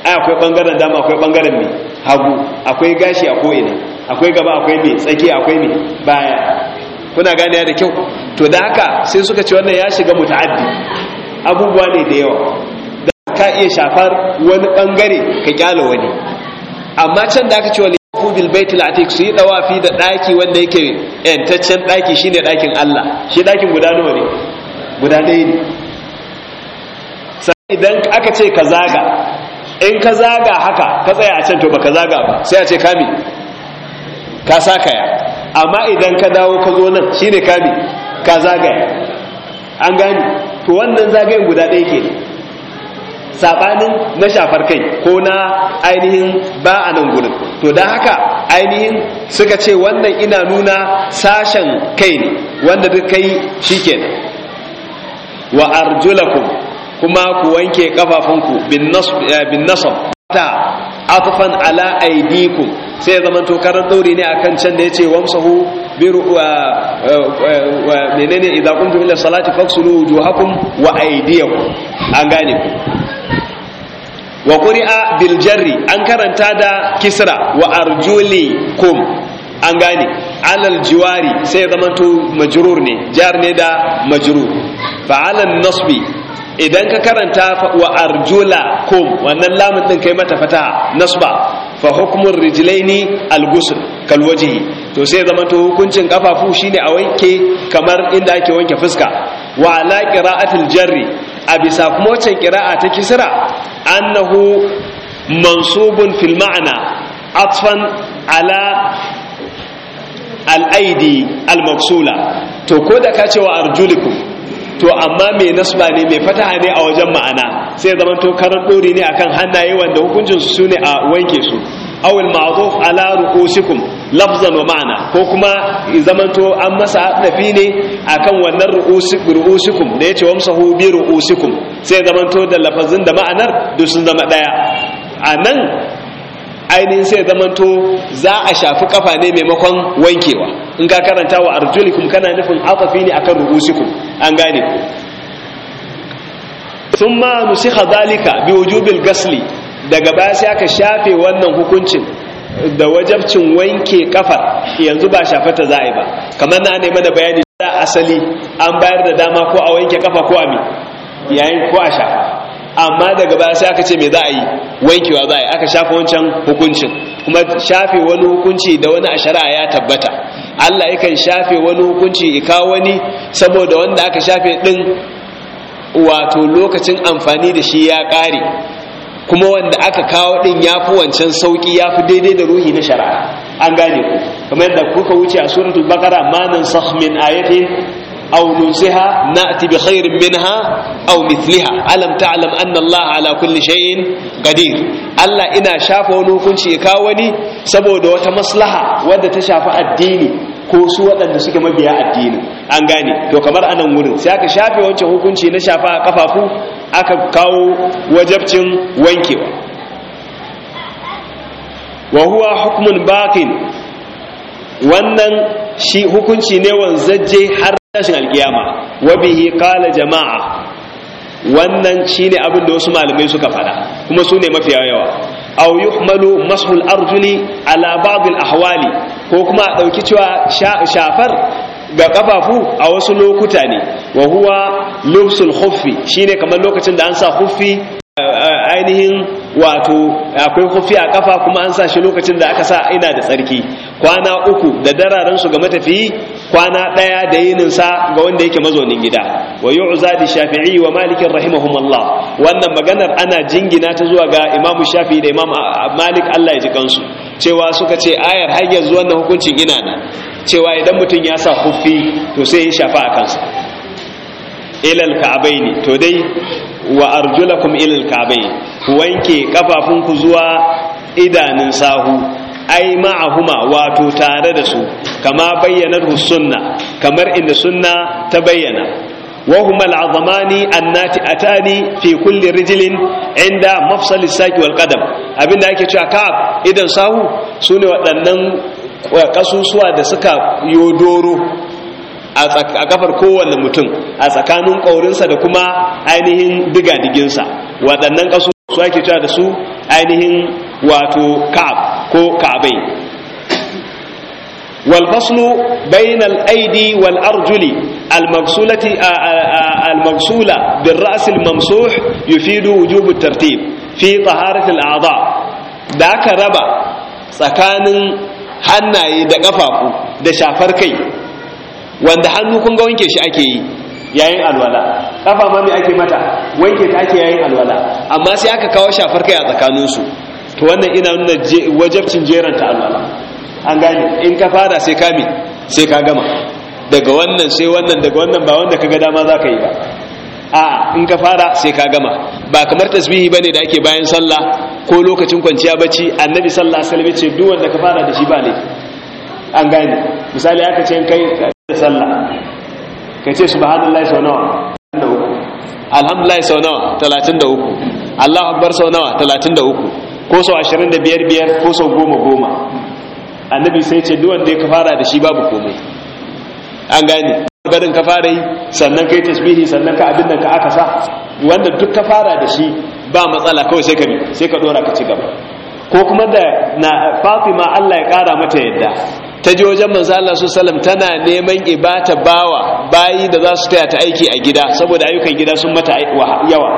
A: ai akwai bangaren dama akwai bangaren mai hagu akwai gashi a ko'ina akwai gaba akwai mai tsaki akwai mai baya kuna gane da kyau to da haka sai suka ce wannan ya shiga muta'addi abubuwa ne da yawa da ka iya shafar wani bangare ka kyala wani amma can da aka ce wani yaku bil baitul atiq su yi dawafi da daki wanda yake yantaccen daki shine dakin Allah shi dakin guda nawa ne guda ɗaya ne idan aka ce ka zaga in ka zaga haka ka tsaya a can to ba ka zaga ba sai a ce kami ka ya. amma idan ka dawo ka zo nan shine kami ka zagaya an gani to wannan zagayen guda ɗaya ke saɓanin na shafar kai ko na ainihin ba a nan gudun to da haka ainihin suka ce wannan ina nuna sashen kai ne wanda duk kai shi ke wa arjulakum kuma ku wanke kafafunku bin eh, nasab ta atfan ala aidikum sai zama to karar dauri ne akan can da yace wamsahu biru eh, wa menene idza kuntum ila salati faksulu wujuhakum wa aydiyakum an gane ku wa quri'a bil jarri an karanta da kisra wa arjulikum an gane alal jiwari sai zama to majrur ne jar ne da majrur fa alal nasbi idan ka karanta wa arjula kum wannan lamun din kai mata fata nasba fa hukmun rijlaini al-ghusl to sai zaman to hukuncin kafafu shine a wanke kamar inda ake wanke fuska wa ala qira'atil jarri a bisa kuma wacce qira'a ta kisra annahu mansubun fil ma'na atfan ala al-aidi al-mafsula to ko da ka ce wa arjulikum to amma mai nasba ne mai fataha ne a wajen ma'ana sai zamanto to karar dori ne akan hannaye wanda hukuncin su ne a wanke su awil ma'zuf ala ru'usikum lafzan wa ma'ana ko kuma zaman to an masa haɗafi ne akan wannan ru'usikum da yace wamsahu bi ru'usikum sai zaman to da lafazin da ma'anar duk sun zama daya anan ainihin sai zamanto za a shafi kafa ne maimakon wankewa in ka karanta wa arjulikum kana nufin atafi ne akan rubusikum an gane ku sun ma nusikha zalika bi wujubil gasli daga baya sai aka shafe wannan hukuncin da wajabcin wanke kafa yanzu ba shafata za a ba kamar na ne mana bayani da asali an bayar da dama ko a wanke kafa ko a mi yayin ko a shafa amma daga baya sai aka ce mai za a yi wankewa za a yi aka shafi wancan hukuncin kuma shafe wani hukunci da wani a shari'a ya tabbata Allah ya kan shafe wani hukunci ika wani saboda wanda aka shafe din wato lokacin amfani da shi ya kare kuma wanda aka kawo din ya fi wancan sauki ya fi daidai da ruhi na shari'a an gane ku kamar yadda kuka wuce a suratul baqara manan sahmin ayatin Aunusiha nunsiha na'ti bi khairin minha aw mithliha alam ta'lam anna Allah ala kulli shay'in Allah ina shafa wani hukunci ya wani saboda wata maslaha wadda ta shafi addini ko su waɗanda suke mabiya addini an gane to kamar anan wurin sai aka shafe wancan hukunci na shafa kafafu aka kawo wajabcin wankewa Wahuwa huwa Bakin wannan shi hukunci ne wanzaje har tashin alkiyama wa bihi jama'a wannan shine abin da wasu malamai suka fada kuma sune mafiya yawa aw yuhmalu mashul arjuli ala ba'd al ahwali ko kuma dauki cewa shafar ga ƙafafu a wasu lokuta ne wa huwa lubsul khuffi shine kamar lokacin da an sa khuffi Eh, ainihin wato akwai kufi a kafa kuma an sa shi lokacin da aka sa ina da tsarki kwana uku da dararen su ga matafiyi kwana daya da yinin sa ga wanda yake mazaunin gida wa yu'za di shafi'i wa malikin rahimahumullah wannan maganar ana jingina ta zuwa ga imam shafi'i da imam malik Allah ya ji kansu cewa suka ce ayar har yanzu wannan hukuncin ina na cewa idan mutum ya sa kufi to sai ya shafa a kansa ilal ka'abaini to dai wa arjulakum ilal ka'abaini ku wanke kafafunku zuwa idanun sahu ai ma'ahuma wato tare da su kama bayyanar sunna kamar inda sunna ta bayyana وهما العظمان الناتئتان في كل رجل عند مفصل الساق والقدم abin da ake cewa ka'ab idan sahu sune waɗannan kasusuwa da suka yodoro a kafar kowane mutum a tsakanin ƙaurinsa da kuma ainihin digadiginsa waɗannan ƙasu su ake cewa da su ainihin wato ka'ab ko ka'abai Walfaslu, bainal aidi wal arjuli al magsulati al magsula bil ra's al mamsuh yufidu wujub tartib fi taharat al a'dha da aka raba tsakanin hannaye da kafafu da shafar kai wanda hannu kun ga wanke shi ake yi yayin alwala kafa ma me ake mata wanke ta ake yayin alwala amma sai aka kawo shafar kai a tsakanin su to wannan ina nuna wajabcin ta alwala an gane in ka fara sai ka mi sai ka gama daga wannan sai wannan daga wannan ba wanda kaga dama zaka yi ba a in ka fara sai ka gama ba kamar tasbihi bane da ake bayan sallah ko lokacin kwanciya bacci annabi sallallahu alaihi wasallam ya ce duk wanda ka fara da shi ba ne an gane misali aka ce kai sallah ka ce subhanallahi sau nawa alhamdulillah sau nawa 33 Allahu akbar sau nawa 33 ko sau 25 biyar ko sau goma goma annabi sai ce duk wanda ya fara da shi babu komai an gani. garin ka fara yi sannan ka yi tasbihi sannan ka abin da ka aka sa wanda duk ka fara da shi ba matsala kawai sai ka bi sai ka dora ka ci gaba ko kuma da na ma Allah ya kara mata yadda ta ji wajen manzo Allah su sallam tana neman ibata bawa bayi da za su taya ta aiki a gida saboda ayyukan gida sun mata yawa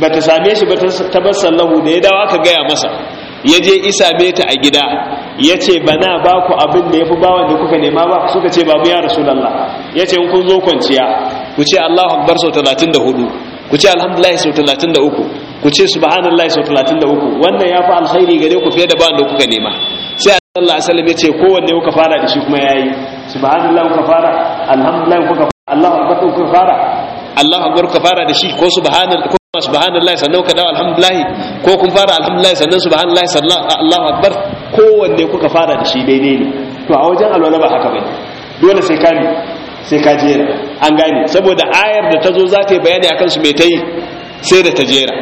A: ba ta same shi ba ta bar sallahu da ya dawo aka gaya masa ya je isa ta a gida ya ce bana ba ku abin da ya fi bawan da kuka nema ba suka ce babu ya rasulallah ya ce kun zo kwanciya ku ce allahu akbar sau talatin da hudu ku ce alhamdulahi sau talatin da uku ku ce subhanallah sau talatin da uku wannan ya fi alkhairi gare ku fiye da bawan da kuka nema sallallahu ya wasallam yace kowanne kuka fara da shi kuma yayi subhanallah kuka fara alhamdulillah kuka fara Allahu akbar kuka fara Allahu akbar kuka fara da shi ko subhanallah ko subhanallah sannan kuka dawo alhamdulillah ko kun fara alhamdulillah sannan subhanallah sallallahu Allahu akbar kowanne kuka fara da shi daidai ne to a wajen alwala ba haka bane dole sai ka sai ka jera an gane saboda ayar da ta zo za ta yi bayani akan su mai ta yi sai da ta jera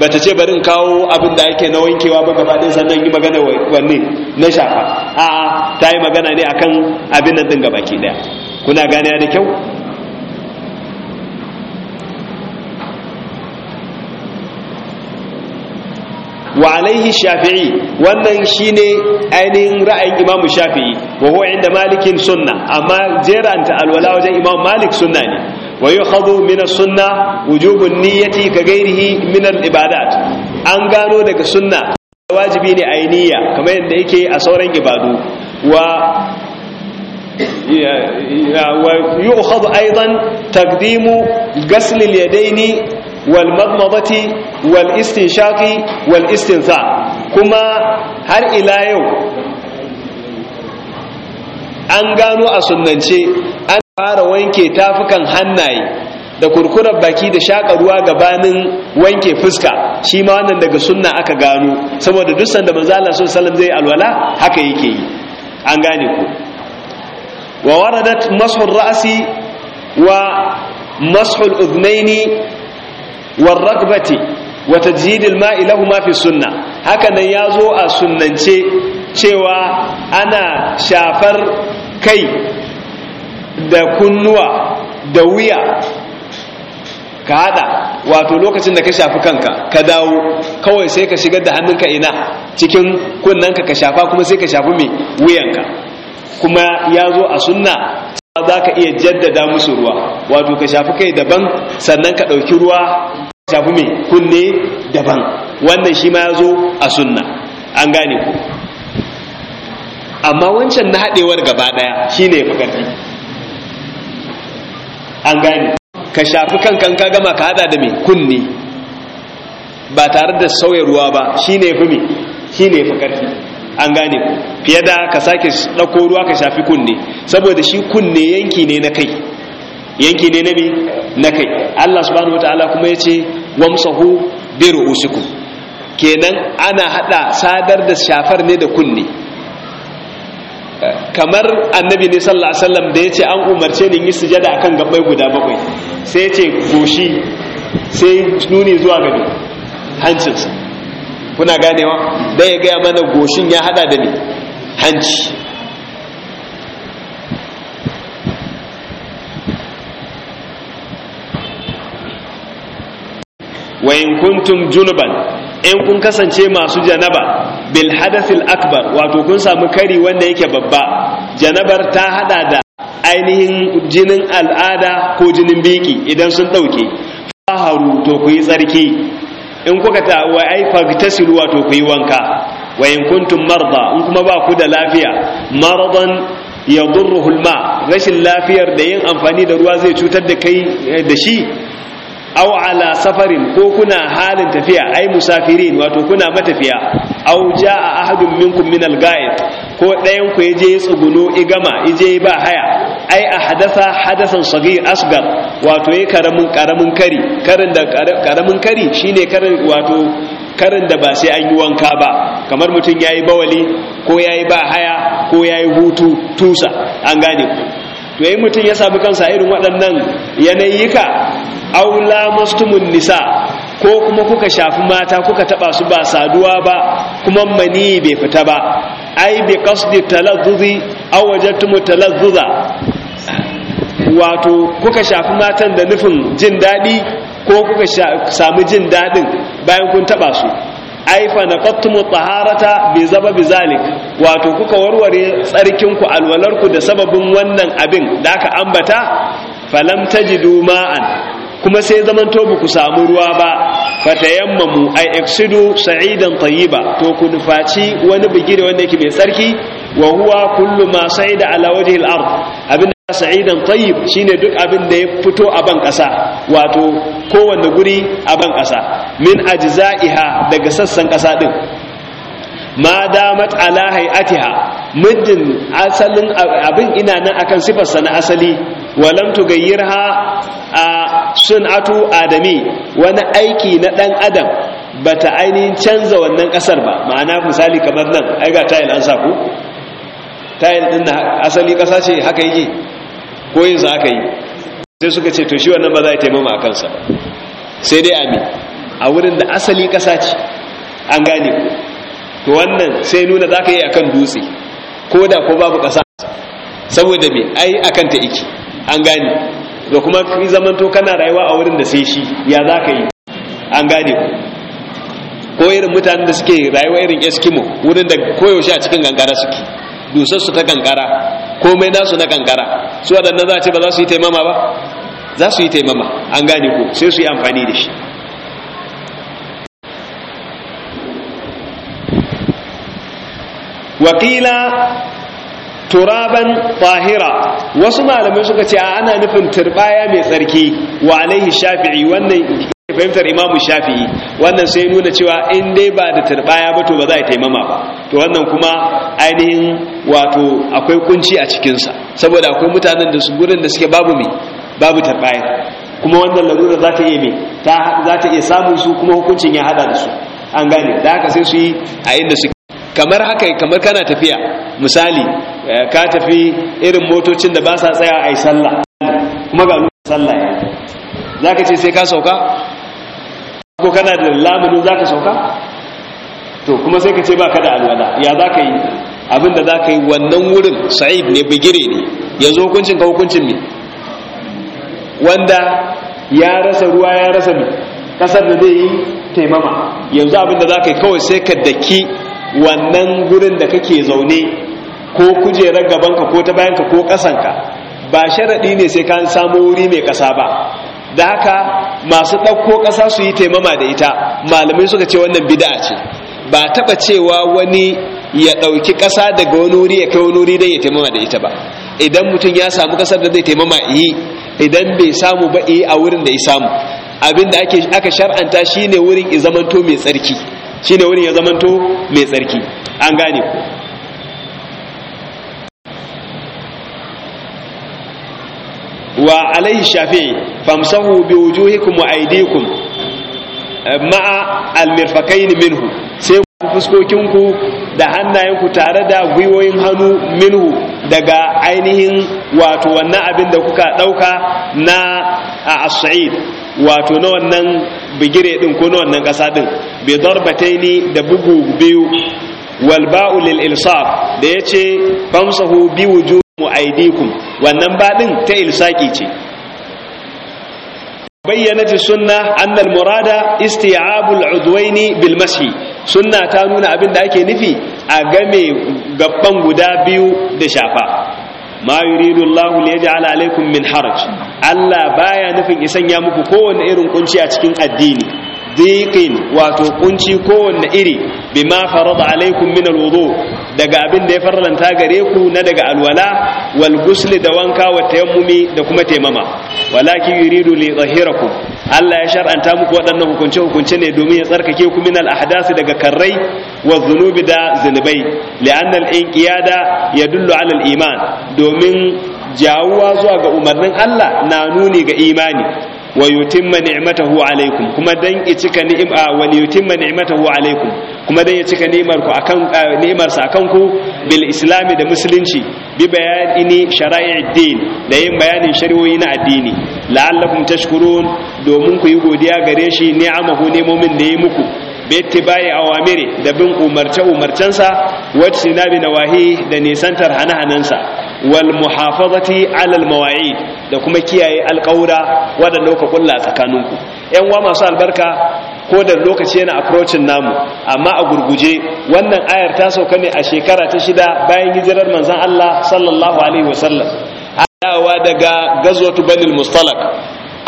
A: ba ta ce barin kawo abin da ake na wankewa ba gaba ɗin sannan yi magana wanne na shafa a ta yi magana ne akan abin nan ɗin ke ɗaya kuna ganiya da kyau wa alaihi shafi'i wannan shine ainihin ra'ayin imamu shafi'i wa huwa inda malikin sunna amma jeranta alwala wajen imam malik sunna ne wa yukhadhu min as-sunna wujubun niyyati ka ghairihi min ibada. an gano daga sunna wajibi ne a yi niyya kamar yadda yake a sauran ibadu wa ويؤخذ أيضا تقديم غسل اليدين والمضمضة والاستنشاق والاستنثار كما هر إلى يوم an gano a sunnance fara wanke tafukan hannaye da kurkurar baki da shaƙa ruwa gabanin wanke fuska shi ma wannan daga sunna aka gano saboda duk sanda manzo Allah sallallahu alaihi zai alwala haka yake yi an gane ku wa waradat mashu ra'si wa mashu al-udhnaini ar raqbati wa tajdid al-ma'i lahumu fi sunna haka nan yazo a sunnance cewa ana shafar kai da kunnuwa da wuya ka hada wato lokacin da ka shafi kanka ka dawo kawai sai ka shigar da hannunka ina cikin kunnanka ka shafa kuma sai ka shafi mai wuyanka kuma ya zo a sunna za ka iya jaddada musu ruwa wato ka shafi kai daban sannan ka ɗauki ruwa ka shafi mai kunne daban wannan shi ma ya zo a sunna an gane ku amma wancan na haɗewar gaba ɗaya shi ne ya fi ƙarfi an gane ka shafi kankan ka gama ka hada da mai kunne ba tare da sauya ruwa ba shi ne fi mai shi ƙarfi an gane fiye da ka sake ɗauko ruwa ka shafi kunne saboda shi kunne yanki ne na kai yanki ne na mai na kai allah subhanahu wataala kuma ya ce wamsahu bi ru'usikum kenan ana hada sadar da shafar ne da kunne kamar annabi ne sallallahu alaihi wasallam da yace an umarce ni yi sujada akan gabbai guda bakwai sai yace goshi sai nuni zuwa ga hancinsa kuna ganewa dan ya gaya mana goshin ya hada da ni hanci wa in kuntum junuban in kun kasance masu janaba bil hadathil akbar wato kun samu kari wanda yake babba janabar ta hada da ainihin jinin al'ada ko jinin biki idan sun dauke faharu to ku yi tsarki in kuka ta wa ai fagtasilu wato ku yi wanka wa in kuntum marda in kuma ba ku da lafiya maradan yadurruhu alma rashin lafiyar da yin amfani da ruwa zai cutar da kai eh, da shi aw ala safarin ko kuna halin tafiya ai musafirin wato kuna matafiya aw jaa ahadun minkum min al-ghaib ko ɗayan ku yaje ya tsuguno igama ije ba haya ai ahdasa hadasan saghir asghar wato yayi karamin karamin kari karin da karamin kari shine karin wato karin da ba sai an yi wanka ba kamar mutum yayi bawali ko yayi ba haya ko yayi hutu tusa an gane to yayin mutum ya samu kansa irin waɗannan yanayika aw lamastumun nisa ko kuma kuka shafi mata kuka taba su ba saduwa ba kuma mani bai fita ba ai bi qasdi talazzuzi aw wajadtum talazzuza wato kuka shafi matan da nufin jin dadi ko kuka samu jin dadin bayan kun taba su ai fa naqattumu taharata bi sababi zalik wato kuka warware tsarkin ku alwalar da sababin wannan abin da aka ambata falam tajidu ma'an kuma sai zamanto ba ku samu ruwa ba fatayammamu ay iksidu sa'idan tayyiba to ku nufaci wani bigire wanda yake mai tsarki wa huwa kullu ma sa'ida ala wajhi al-ard abin sa'idan tayyib shine duk abin da ya fito a ban kasa wato kowanne guri a ban kasa min ajza'iha daga sassan kasa din ma damat ala hay'atiha muddin asalin abin ina nan akan sifarsa na asali walam tugayyirha a sun'atu adami wani aiki na dan adam bata ainihin canza wannan kasar ba ma'ana misali kamar nan ai ga tayil an saku tayil din na asali kasa ce haka yake ko yin za ka yi sai suka ce to shi wannan ba za a taimama a kansa sai dai ami a wurin da asali kasa ce an gane ku to wannan sai nuna za ka yi akan dutse ko da ko babu ƙasa saboda me ai akan ta iki an gane da kuma fi to kana rayuwa a wurin da sai shi ya za ka yi an gane ko irin mutanen da suke rayuwa irin eskimo wurin da koyaushe a cikin gangara suke dusar su ta kankara komai nasu na gangara su waɗannan za a ce ba za su yi taimama ba za su yi taimama an gane ko sai su yi amfani da shi waƙila turaban tahira wasu malamai suka ce ana nufin turbaya mai tsarki wa alaihi shafi'i wannan fahimtar imamu shafi'i wannan sai nuna cewa in dai ba da turbaya ba to ba za a taimama ba to wannan kuma ainihin wato akwai kunci a cikinsa saboda akwai mutanen da su gurin da suke babu mai babu turbaya kuma wannan larura za ta iya mai za ta iya samun su kuma hukuncin ya hada da su an gane da haka sai su yi a inda suke kamar haka kamar kana tafiya misali eh, ka tafi irin motocin da ba sa tsaya a yi sallah kuma ga lokacin sallah ya za ka ce sai ka sauka ko kana da lamunin za ka sauka to kuma sai ka ce ba ka da alwala ya za ka yi abinda za ka yi wannan wurin sa'id ne bigire ne yanzu hukuncin ka hukuncin ne wanda ya rasa ruwa ya rasa ne kasar da zai yi taimama yanzu abinda za ka yi kawai sai ka daki wannan gurin da kake zaune ko kujerar gabanka ko ta bayanka ko ƙasanka ba sharaɗi ne sai ka samu wuri mai ƙasa ba da haka masu ɗauko ƙasa su yi taimama da ita malamai suka ce wannan bid'a ce ba taɓa cewa wani ya ɗauki ƙasa daga wani wuri ya kai wani wuri don ya taimama da ita ba idan mutum ya samu ƙasar da zai taimama yi idan bai samu ba yi a wurin da ya samu abin da aka shar'anta shine wurin i zamanto mai tsarki Shi ne wani ya zamanto mai tsarki an gane ku wa alaihi shafi famsahu bi wujuhikum wa aydikum eh, ma'a almirfakaini minhu sai ku fuskokinku da hannayenku tare da gwiwoyin hannu minhu daga ainihin wato wannan abin da kuka dauka na as wato na wannan bigire din ko na wannan kasa din bi darbataini da bugu biyu wal ba'u lil ilsaq da yace famsahu bi wujuhu aydikum wannan ba din ta ilsaqi ce bayyanat sunna anna al murada isti'abu al udwaini bil mashi sunna ta nuna abin da ake nufi a game gabban guda biyu da shafa ma yuridu Allah li yaj'ala alaikum min haraj Allah baya nufin isan ya muku kowanne irin kunci a cikin addini diqin wato kunci kowanne iri bima farada alaikum min alwudu daga abin da ya farlanta gare ku na daga alwala wal ghusl da wanka wa tayammumi da kuma taimama walakin yuridu li ku. Allah ya shar'anta muku waɗannan hukunce-hukunce ne domin ya tsarkake ku minal ahdasi daga karrai wa zunubi da zunubai li'annal inqiyada yadullu alal iman domin jawuwa zuwa ga umarnin Allah na nuni ga imani wa yutimma ni'matahu kuma dan ya cika ni'ima wa yutimma ni'matahu kuma dan ya cika ni'imar ku akan ni'imar sa akan ku bil islami da musulunci bi bayani shara'i'id din da yin bayanin shari'o'i na addini la'allakum tashkurun domin ku yi godiya gare shi ni'amahu nemomin da ya muku bi ittiba'i awamiri da bin umarce umarcensa wa tsinabi nawahi da nisantar hanahanansa wal muhafazati alal mawa'id da kuma kiyaye alƙawura waɗanda kuka kulla tsakaninku yan uwa masu albarka ko da lokaci yana approaching namu amma a gurguje wannan ayar ta sauka ne a shekara ta shida bayan hijirar manzon Allah sallallahu alaihi wasallam adawa daga gazwatu banil mustalak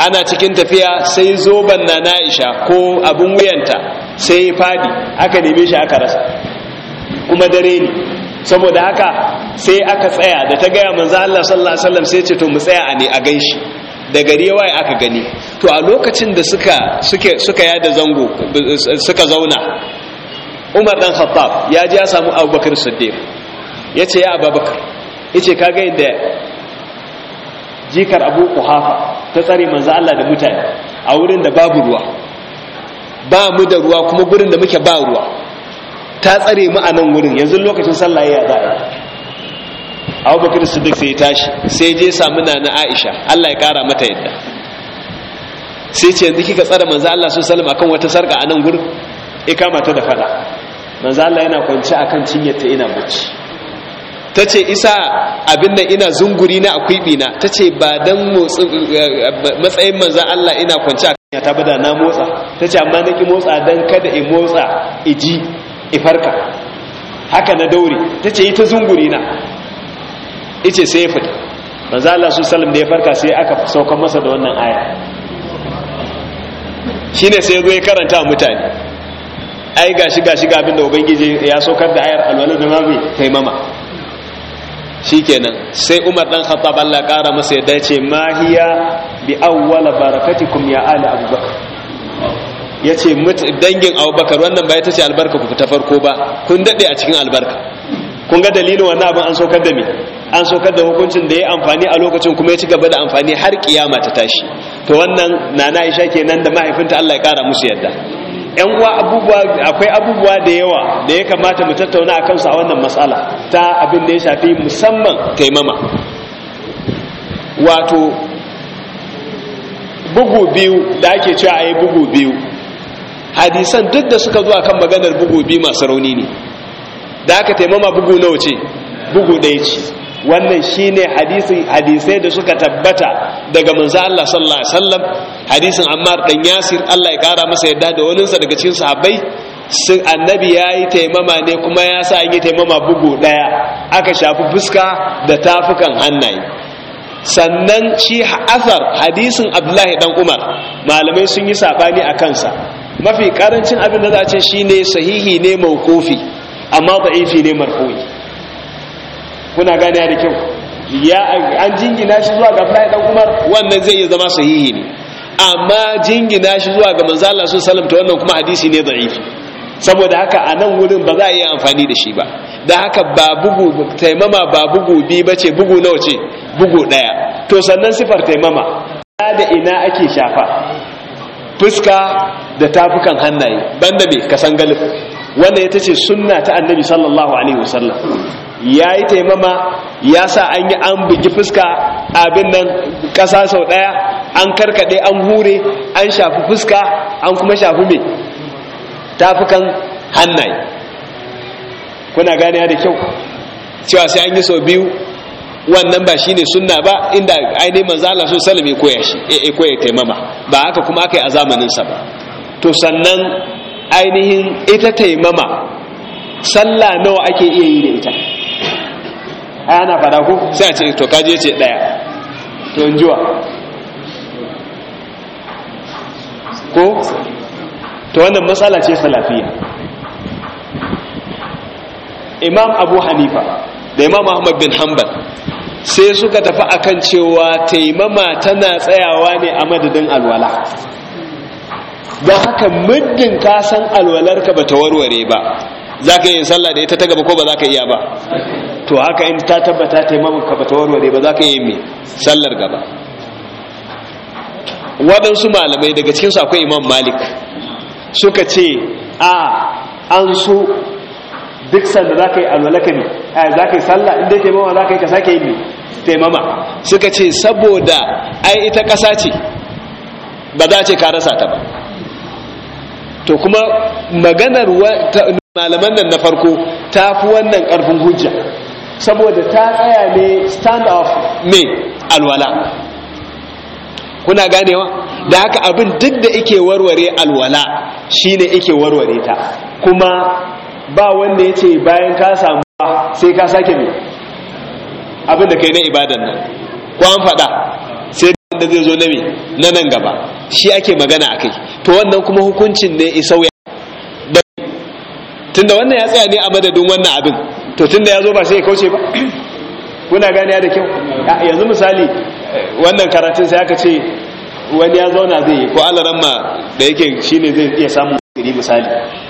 A: ana cikin tafiya sai zoban na na'isha ko abin wuyanta sai fadi aka neme shi aka rasa kuma dare ne saboda haka sai aka tsaya da ta gaya manzo Allah sallallahu alaihi wasallam sai ce to mu tsaya a ne a ganshi da gari ya aka gani to a lokacin da suka suke suka yada zango suka zauna Umar dan Khattab ya ji ya samu Abubakar Siddiq yace ya Abubakar yace kaga yadda jikar Abu Quhafa ta tsare manzo Allah da mutane a wurin da babu ruwa ba mu da ruwa kuma gurin da muke ba ruwa ta tsare mu a nan wurin yanzu lokacin sallah ya za a abubakar siddiq sai ya tashi sai je samu na na aisha allah ya kara mata yadda sai ce yanzu kika tsare manzo allah sun salama akan wata sarka a nan wurin ya kama ta da fada manzo allah yana kwance akan cinyarta ina bacci ta ce isa abin nan ina zunguri na akwibi na ta ce ba don matsayin manzan Allah ina kwanci a kanya ta bada na motsa ta ce amma na ki motsa don kada in motsa iji ifarka haka na daure ta ce yi ta zunguri na ice sai ya fita manzo Allah su salim da ya farka sai aka saukan masa da wannan aya shine sai ya zo ya karanta mutane ai gashi gashi ga abinda da ubangiji ya saukar da ayar alwala da mami taimama kenan sai Umar dan Khattab Allah kara masa ya dace mahiya bi awwala barakatikum ya ala abubakar ya ce dangin abubakar wannan ba ta ce albarka ku ta farko ba kun daɗe a cikin albarka kun ga dalilin wannan abin an saukar da me an saukar da hukuncin da ya amfani a lokacin kuma ya ci gaba da amfani har kiyama ta tashi to wannan na ke kenan da mahaifinta Allah ya kara musu yadda yan uwa abubuwa akwai abubuwa da yawa da ya kamata mu tattauna a kansu a wannan matsala ta abin da ya shafi musamman taimama wato bugu biyu da ake cewa yi bugu biyu hadisan duk da suka zuwa kan maganar bugu biyu masu rauni ne da aka taimama bugu nawa ce bugu ɗaya ce wannan shine ne hadisai da suka tabbata daga manzo Allah sallallahu alaihi wasallam hadisin Ammar dan Yasir Allah ya kara masa yadda da waninsa daga cikin sahabbai sun annabi yi taimama ne kuma ya sa yi taimama bugu ɗaya aka shafi fuska da tafukan hannaye sannan shi asar hadisin abdullahi dan umar malamai sun yi sabani a kansa mafi karancin abin da za a ce ne sahihi ne maukofi amma ba ifi ne marfu'i kuna gane da kyau an jingina shi zuwa ga fulani dan Umar wannan zai iya zama sahihi ne amma jingina shi zuwa ga manzo Allah sallallahu wannan kuma hadisi ne da'ifi saboda haka a nan wurin ba za a yi amfani da shi ba da haka ba bugu taimama ba bugu bi ba ce bugu nawa ce bugu ɗaya to sannan sifar taimama da ina ake shafa fuska da tafukan hannaye banda me kasan galib wanda ya tace sunna ta annabi sallallahu alaihi wasallam ya yi taimama ya sa an yi an bugi fuska abin nan ƙasa sau ɗaya an karkaɗe an hure an shafi fuska an kuma shafi me tafukan hannaye kuna gane da kyau cewa sai an yi sau biyu wannan ba shine sunna ba inda ainihin manzo Allah so salame koya shi eh koya taimama ba haka kuma akai a zamanin sa ba to sannan ainihin ita taimama sallah nawa ake iya yi da ita ai ana fada ko sai a ce to kaje ce daya to injuwa ko to wannan matsala ce salafiya imam abu hanifa da imam ahmad bin hanbal sai suka tafi akan cewa taimama tana tsayawa ne a madadin alwala ba haka muddin ka san alwalarka ba ta warware ba za ka yi sallah da ita ta gaba ko ba za ka iya ba to haka in ta tabbata taimamanka ba ta warware ba za ka yi mai sallar gaba waɗansu malamai daga cikinsu akwai imam malik suka ce a an so duk sanda za ka yi alwalaka ne za ka yi sallah inda taimama za ka yi ka sake yi taimama suka ce saboda ai ita ƙasa ce ba za ce ka rasa ta ba to kuma maganar malaman nan na farko ta fi wannan ƙarfin hujja saboda ta tsaya ne stand of me alwala kuna ganewa da haka abin duk da ike warware alwala shine ike warware ta kuma ba wanda ya ce bayan ka samu sai ka sake mai abin da kai na ibadan nan ko an faɗa sai da zai zo na na nan gaba shi ake magana a kai to wannan kuma hukuncin ne wuya da tunda wannan ya tsaya ne a madadin wannan abin to tunda ya zo ba sai ya kauce ba kuna ya da kyau yanzu misali wannan karatun sai aka ce wani ya zauna zai yi ko alaramma da yake shine zai iya samun misali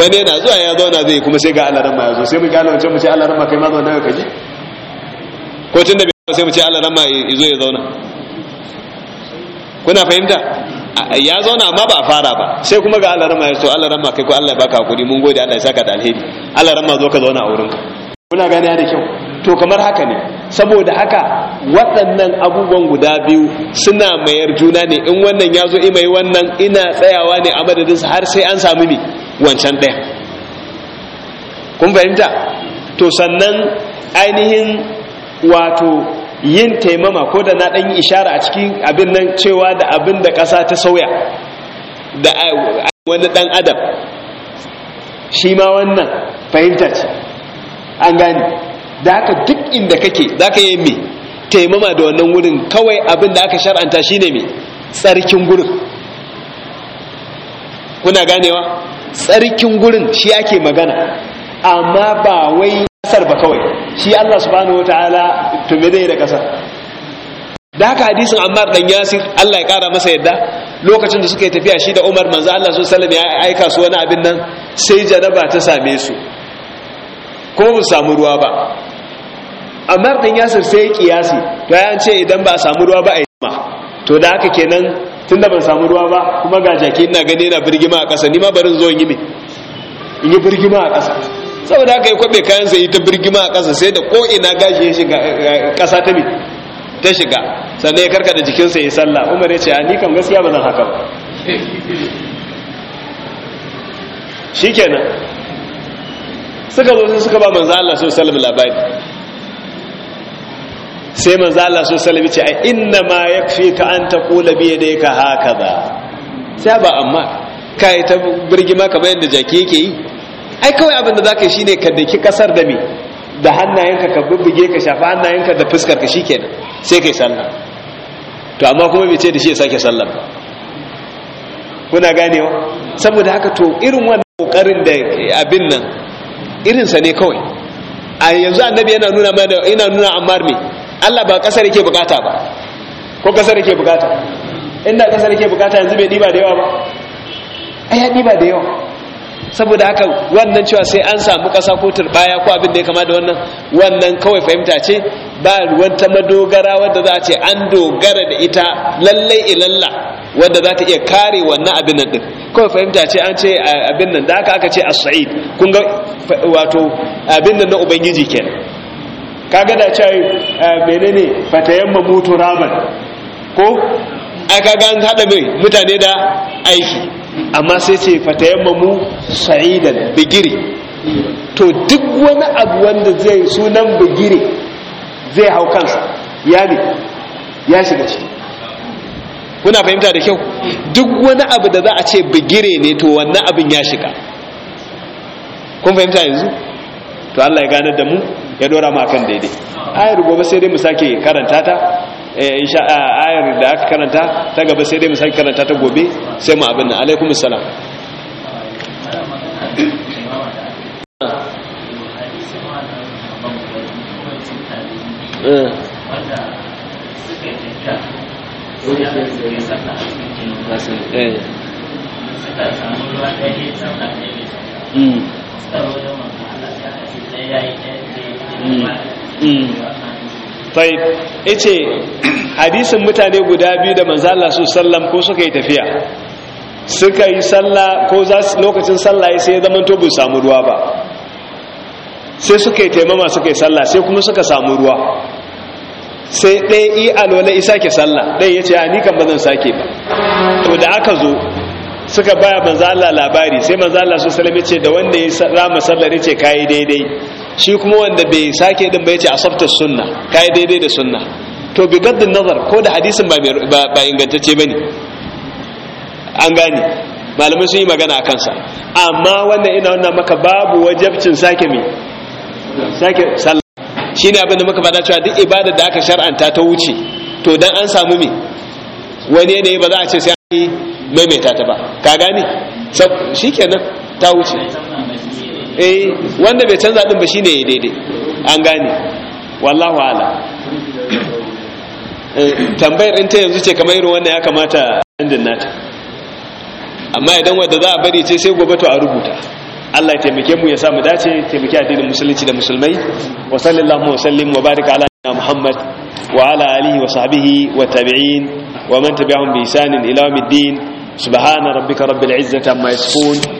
A: wani yana zuwa ya zauna zai kuma sai ga alaran ma ya zo sai mu kyala wancan mu ce alaran ma kai ma zauna ka kaji ko tun da bai sai mu ce alaran ma ya zo ya zauna kuna fahimta ya zauna amma ba a fara ba sai kuma ga alaran ma ya zo alaran ma kai ko Allah ya baka hakuri mun gode Allah ya saka da alheri alaran ma zo ka zauna a wurin ka. kuna gane da kyau to kamar haka ne saboda haka waɗannan abubuwan guda biyu suna mayar juna ne in wannan ya zo imai wannan ina tsayawa ne a madadinsa har sai an samu ni. wancan ɗaya kun fahimta to sannan ainihin wato yin taimama ko da na ɗan yi ishara a cikin abin nan cewa da abin da ƙasa ta sauya da wani ɗan adam shi ma wannan fahimta ce an gane da haka duk inda kake za ka yi mai taimama da wannan wurin kawai abin da aka shar'anta shi ne mai tsarkin gurin kuna ganewa tsarkin gurin shi ake magana amma ba wai kasar ba kawai shi Allah subhanahu wataala to me zai da kasar da haka hadisin Ammar dan Yasir Allah ya kara masa yadda lokacin da suka yi tafiya shi da Umar manzo Allah sallallahu alaihi ya aika su wani abin nan sai ba ta same su ko ba samu ruwa ba Ammar dan Yasir sai ya kiyasi to ya ce idan ba samu ruwa ba a yi ma to da haka kenan tunda ban samu ruwa ba kuma ga jaki ina gani na birgima a ƙasa ni ma barin zo yi me in yi birgima a ƙasa saboda haka ya kwabe kayan sai ta birgima a ƙasa sai da ko ina gashi ya shiga eh, eh, ƙasa ta me ta shiga sannan ya karkata jikinsa ya sallah umar ya ce a ni kam gaskiya ba zan haka ba shikenan suka zo suka ba manzo Allah sallallahu alaihi wasallam labari sai manzo Allah so salami ce ai inna ma ka an taqula bi yadayka hakaza sai ba amma kai ta birgima kamar yadda jaki yake yi ai kawai abin da zaka yi shine ka daki kasar da me da hannayenka ka bubbuge ka shafa hannayenka da fuskar ka shikenan sai kai sallah to amma kuma bai ce da shi ya sake sallah Kuna kuna ganewa saboda haka to irin wannan kokarin da abin nan irinsa ne kawai a yanzu annabi yana nuna mana yana nuna Ammar me Allah ba kasar yake bukata ba ko kasar yake bukata inda kasar yake bukata yanzu bai diba da yawa ba ai ya diba da yawa saboda haka wannan cewa sai an samu kasa ko turbaya ko abin da ya kama da wannan wannan kawai fahimta ce ba wata madogara wadda za a ce an dogara da ita lallai ilalla wadda za ta iya kare wannan abin nan din kawai fahimta ce an ce abin nan da haka aka ce as-sa'id kun ga wato abin nan na ubangiji kenan kaga da cewa eh, menene fatayamma mutu raban ko aka kaga an hada mai mutane da aiki amma sai ce fatayamma mu sa'idan bigiri to duk wani abu wanda zai sunan bigiri zai hau kansa ya ne ya shiga ciki kuna fahimta da kyau duk wani abu da za a ce bigire ne to wannan abin ya shiga kun fahimta yanzu to Allah ya ganar da mu ya dora ma kan daidai ayar gobe sai dai mu sake karanta ta eh, insha ah, ayar da aka karanta ta gaba sai dai mu sake karanta ta gobe sai mu abin nan alaikum assalam eh. eh. Mm. Mm. Mm. tai ce hadisin mutane guda biyu da manzala su sallam ko suka yi tafiya suka yi sallah ko lokacin sallah sai ya zamanto bu samu ruwa ba sai suka yi taimama suka yi sallah sai kuma suka samu ruwa sai ɗaya yi alwala isa ke sallah ɗaya ya ce a nikan ba zan sake ba to da aka zo suka baya manzala labari sai manzala su sallam ya ce da wanda ya rama sallar ya ce kayi daidai shi kuma wanda bai sake din ba yace asabta sunna kai daidai da sunna to bi gaddin nazar ko da hadisin ba ba ingantacce bane an gane malamai sun yi magana a kansa amma wannan ina wannan maka babu wajabcin sake mai. sake sallah shine abin da muka fada cewa duk ibada da aka shar'anta ta wuce to dan an samu me wani yanayi ba za a ce sai an maimaita ta ba ka gane shikenan ta wuce eh wanda bai canza din ba shine ya daidai an gane wallahu ala eh, tambayar in ta yanzu ce kamar irin wannan ya kamata indin nata amma idan wanda za a bari ce sai gobe to a rubuta Allah ya taimake mu ya sa mu dace taimake addinin musulunci da musulmai wa sallallahu wa sallim wa barika ala Muhammad wa ala alihi wa sahbihi wa tabi'in wa man tabi'ahum bi ihsan ila yawmiddin subhana rabbika rabbil izzati amma yasifun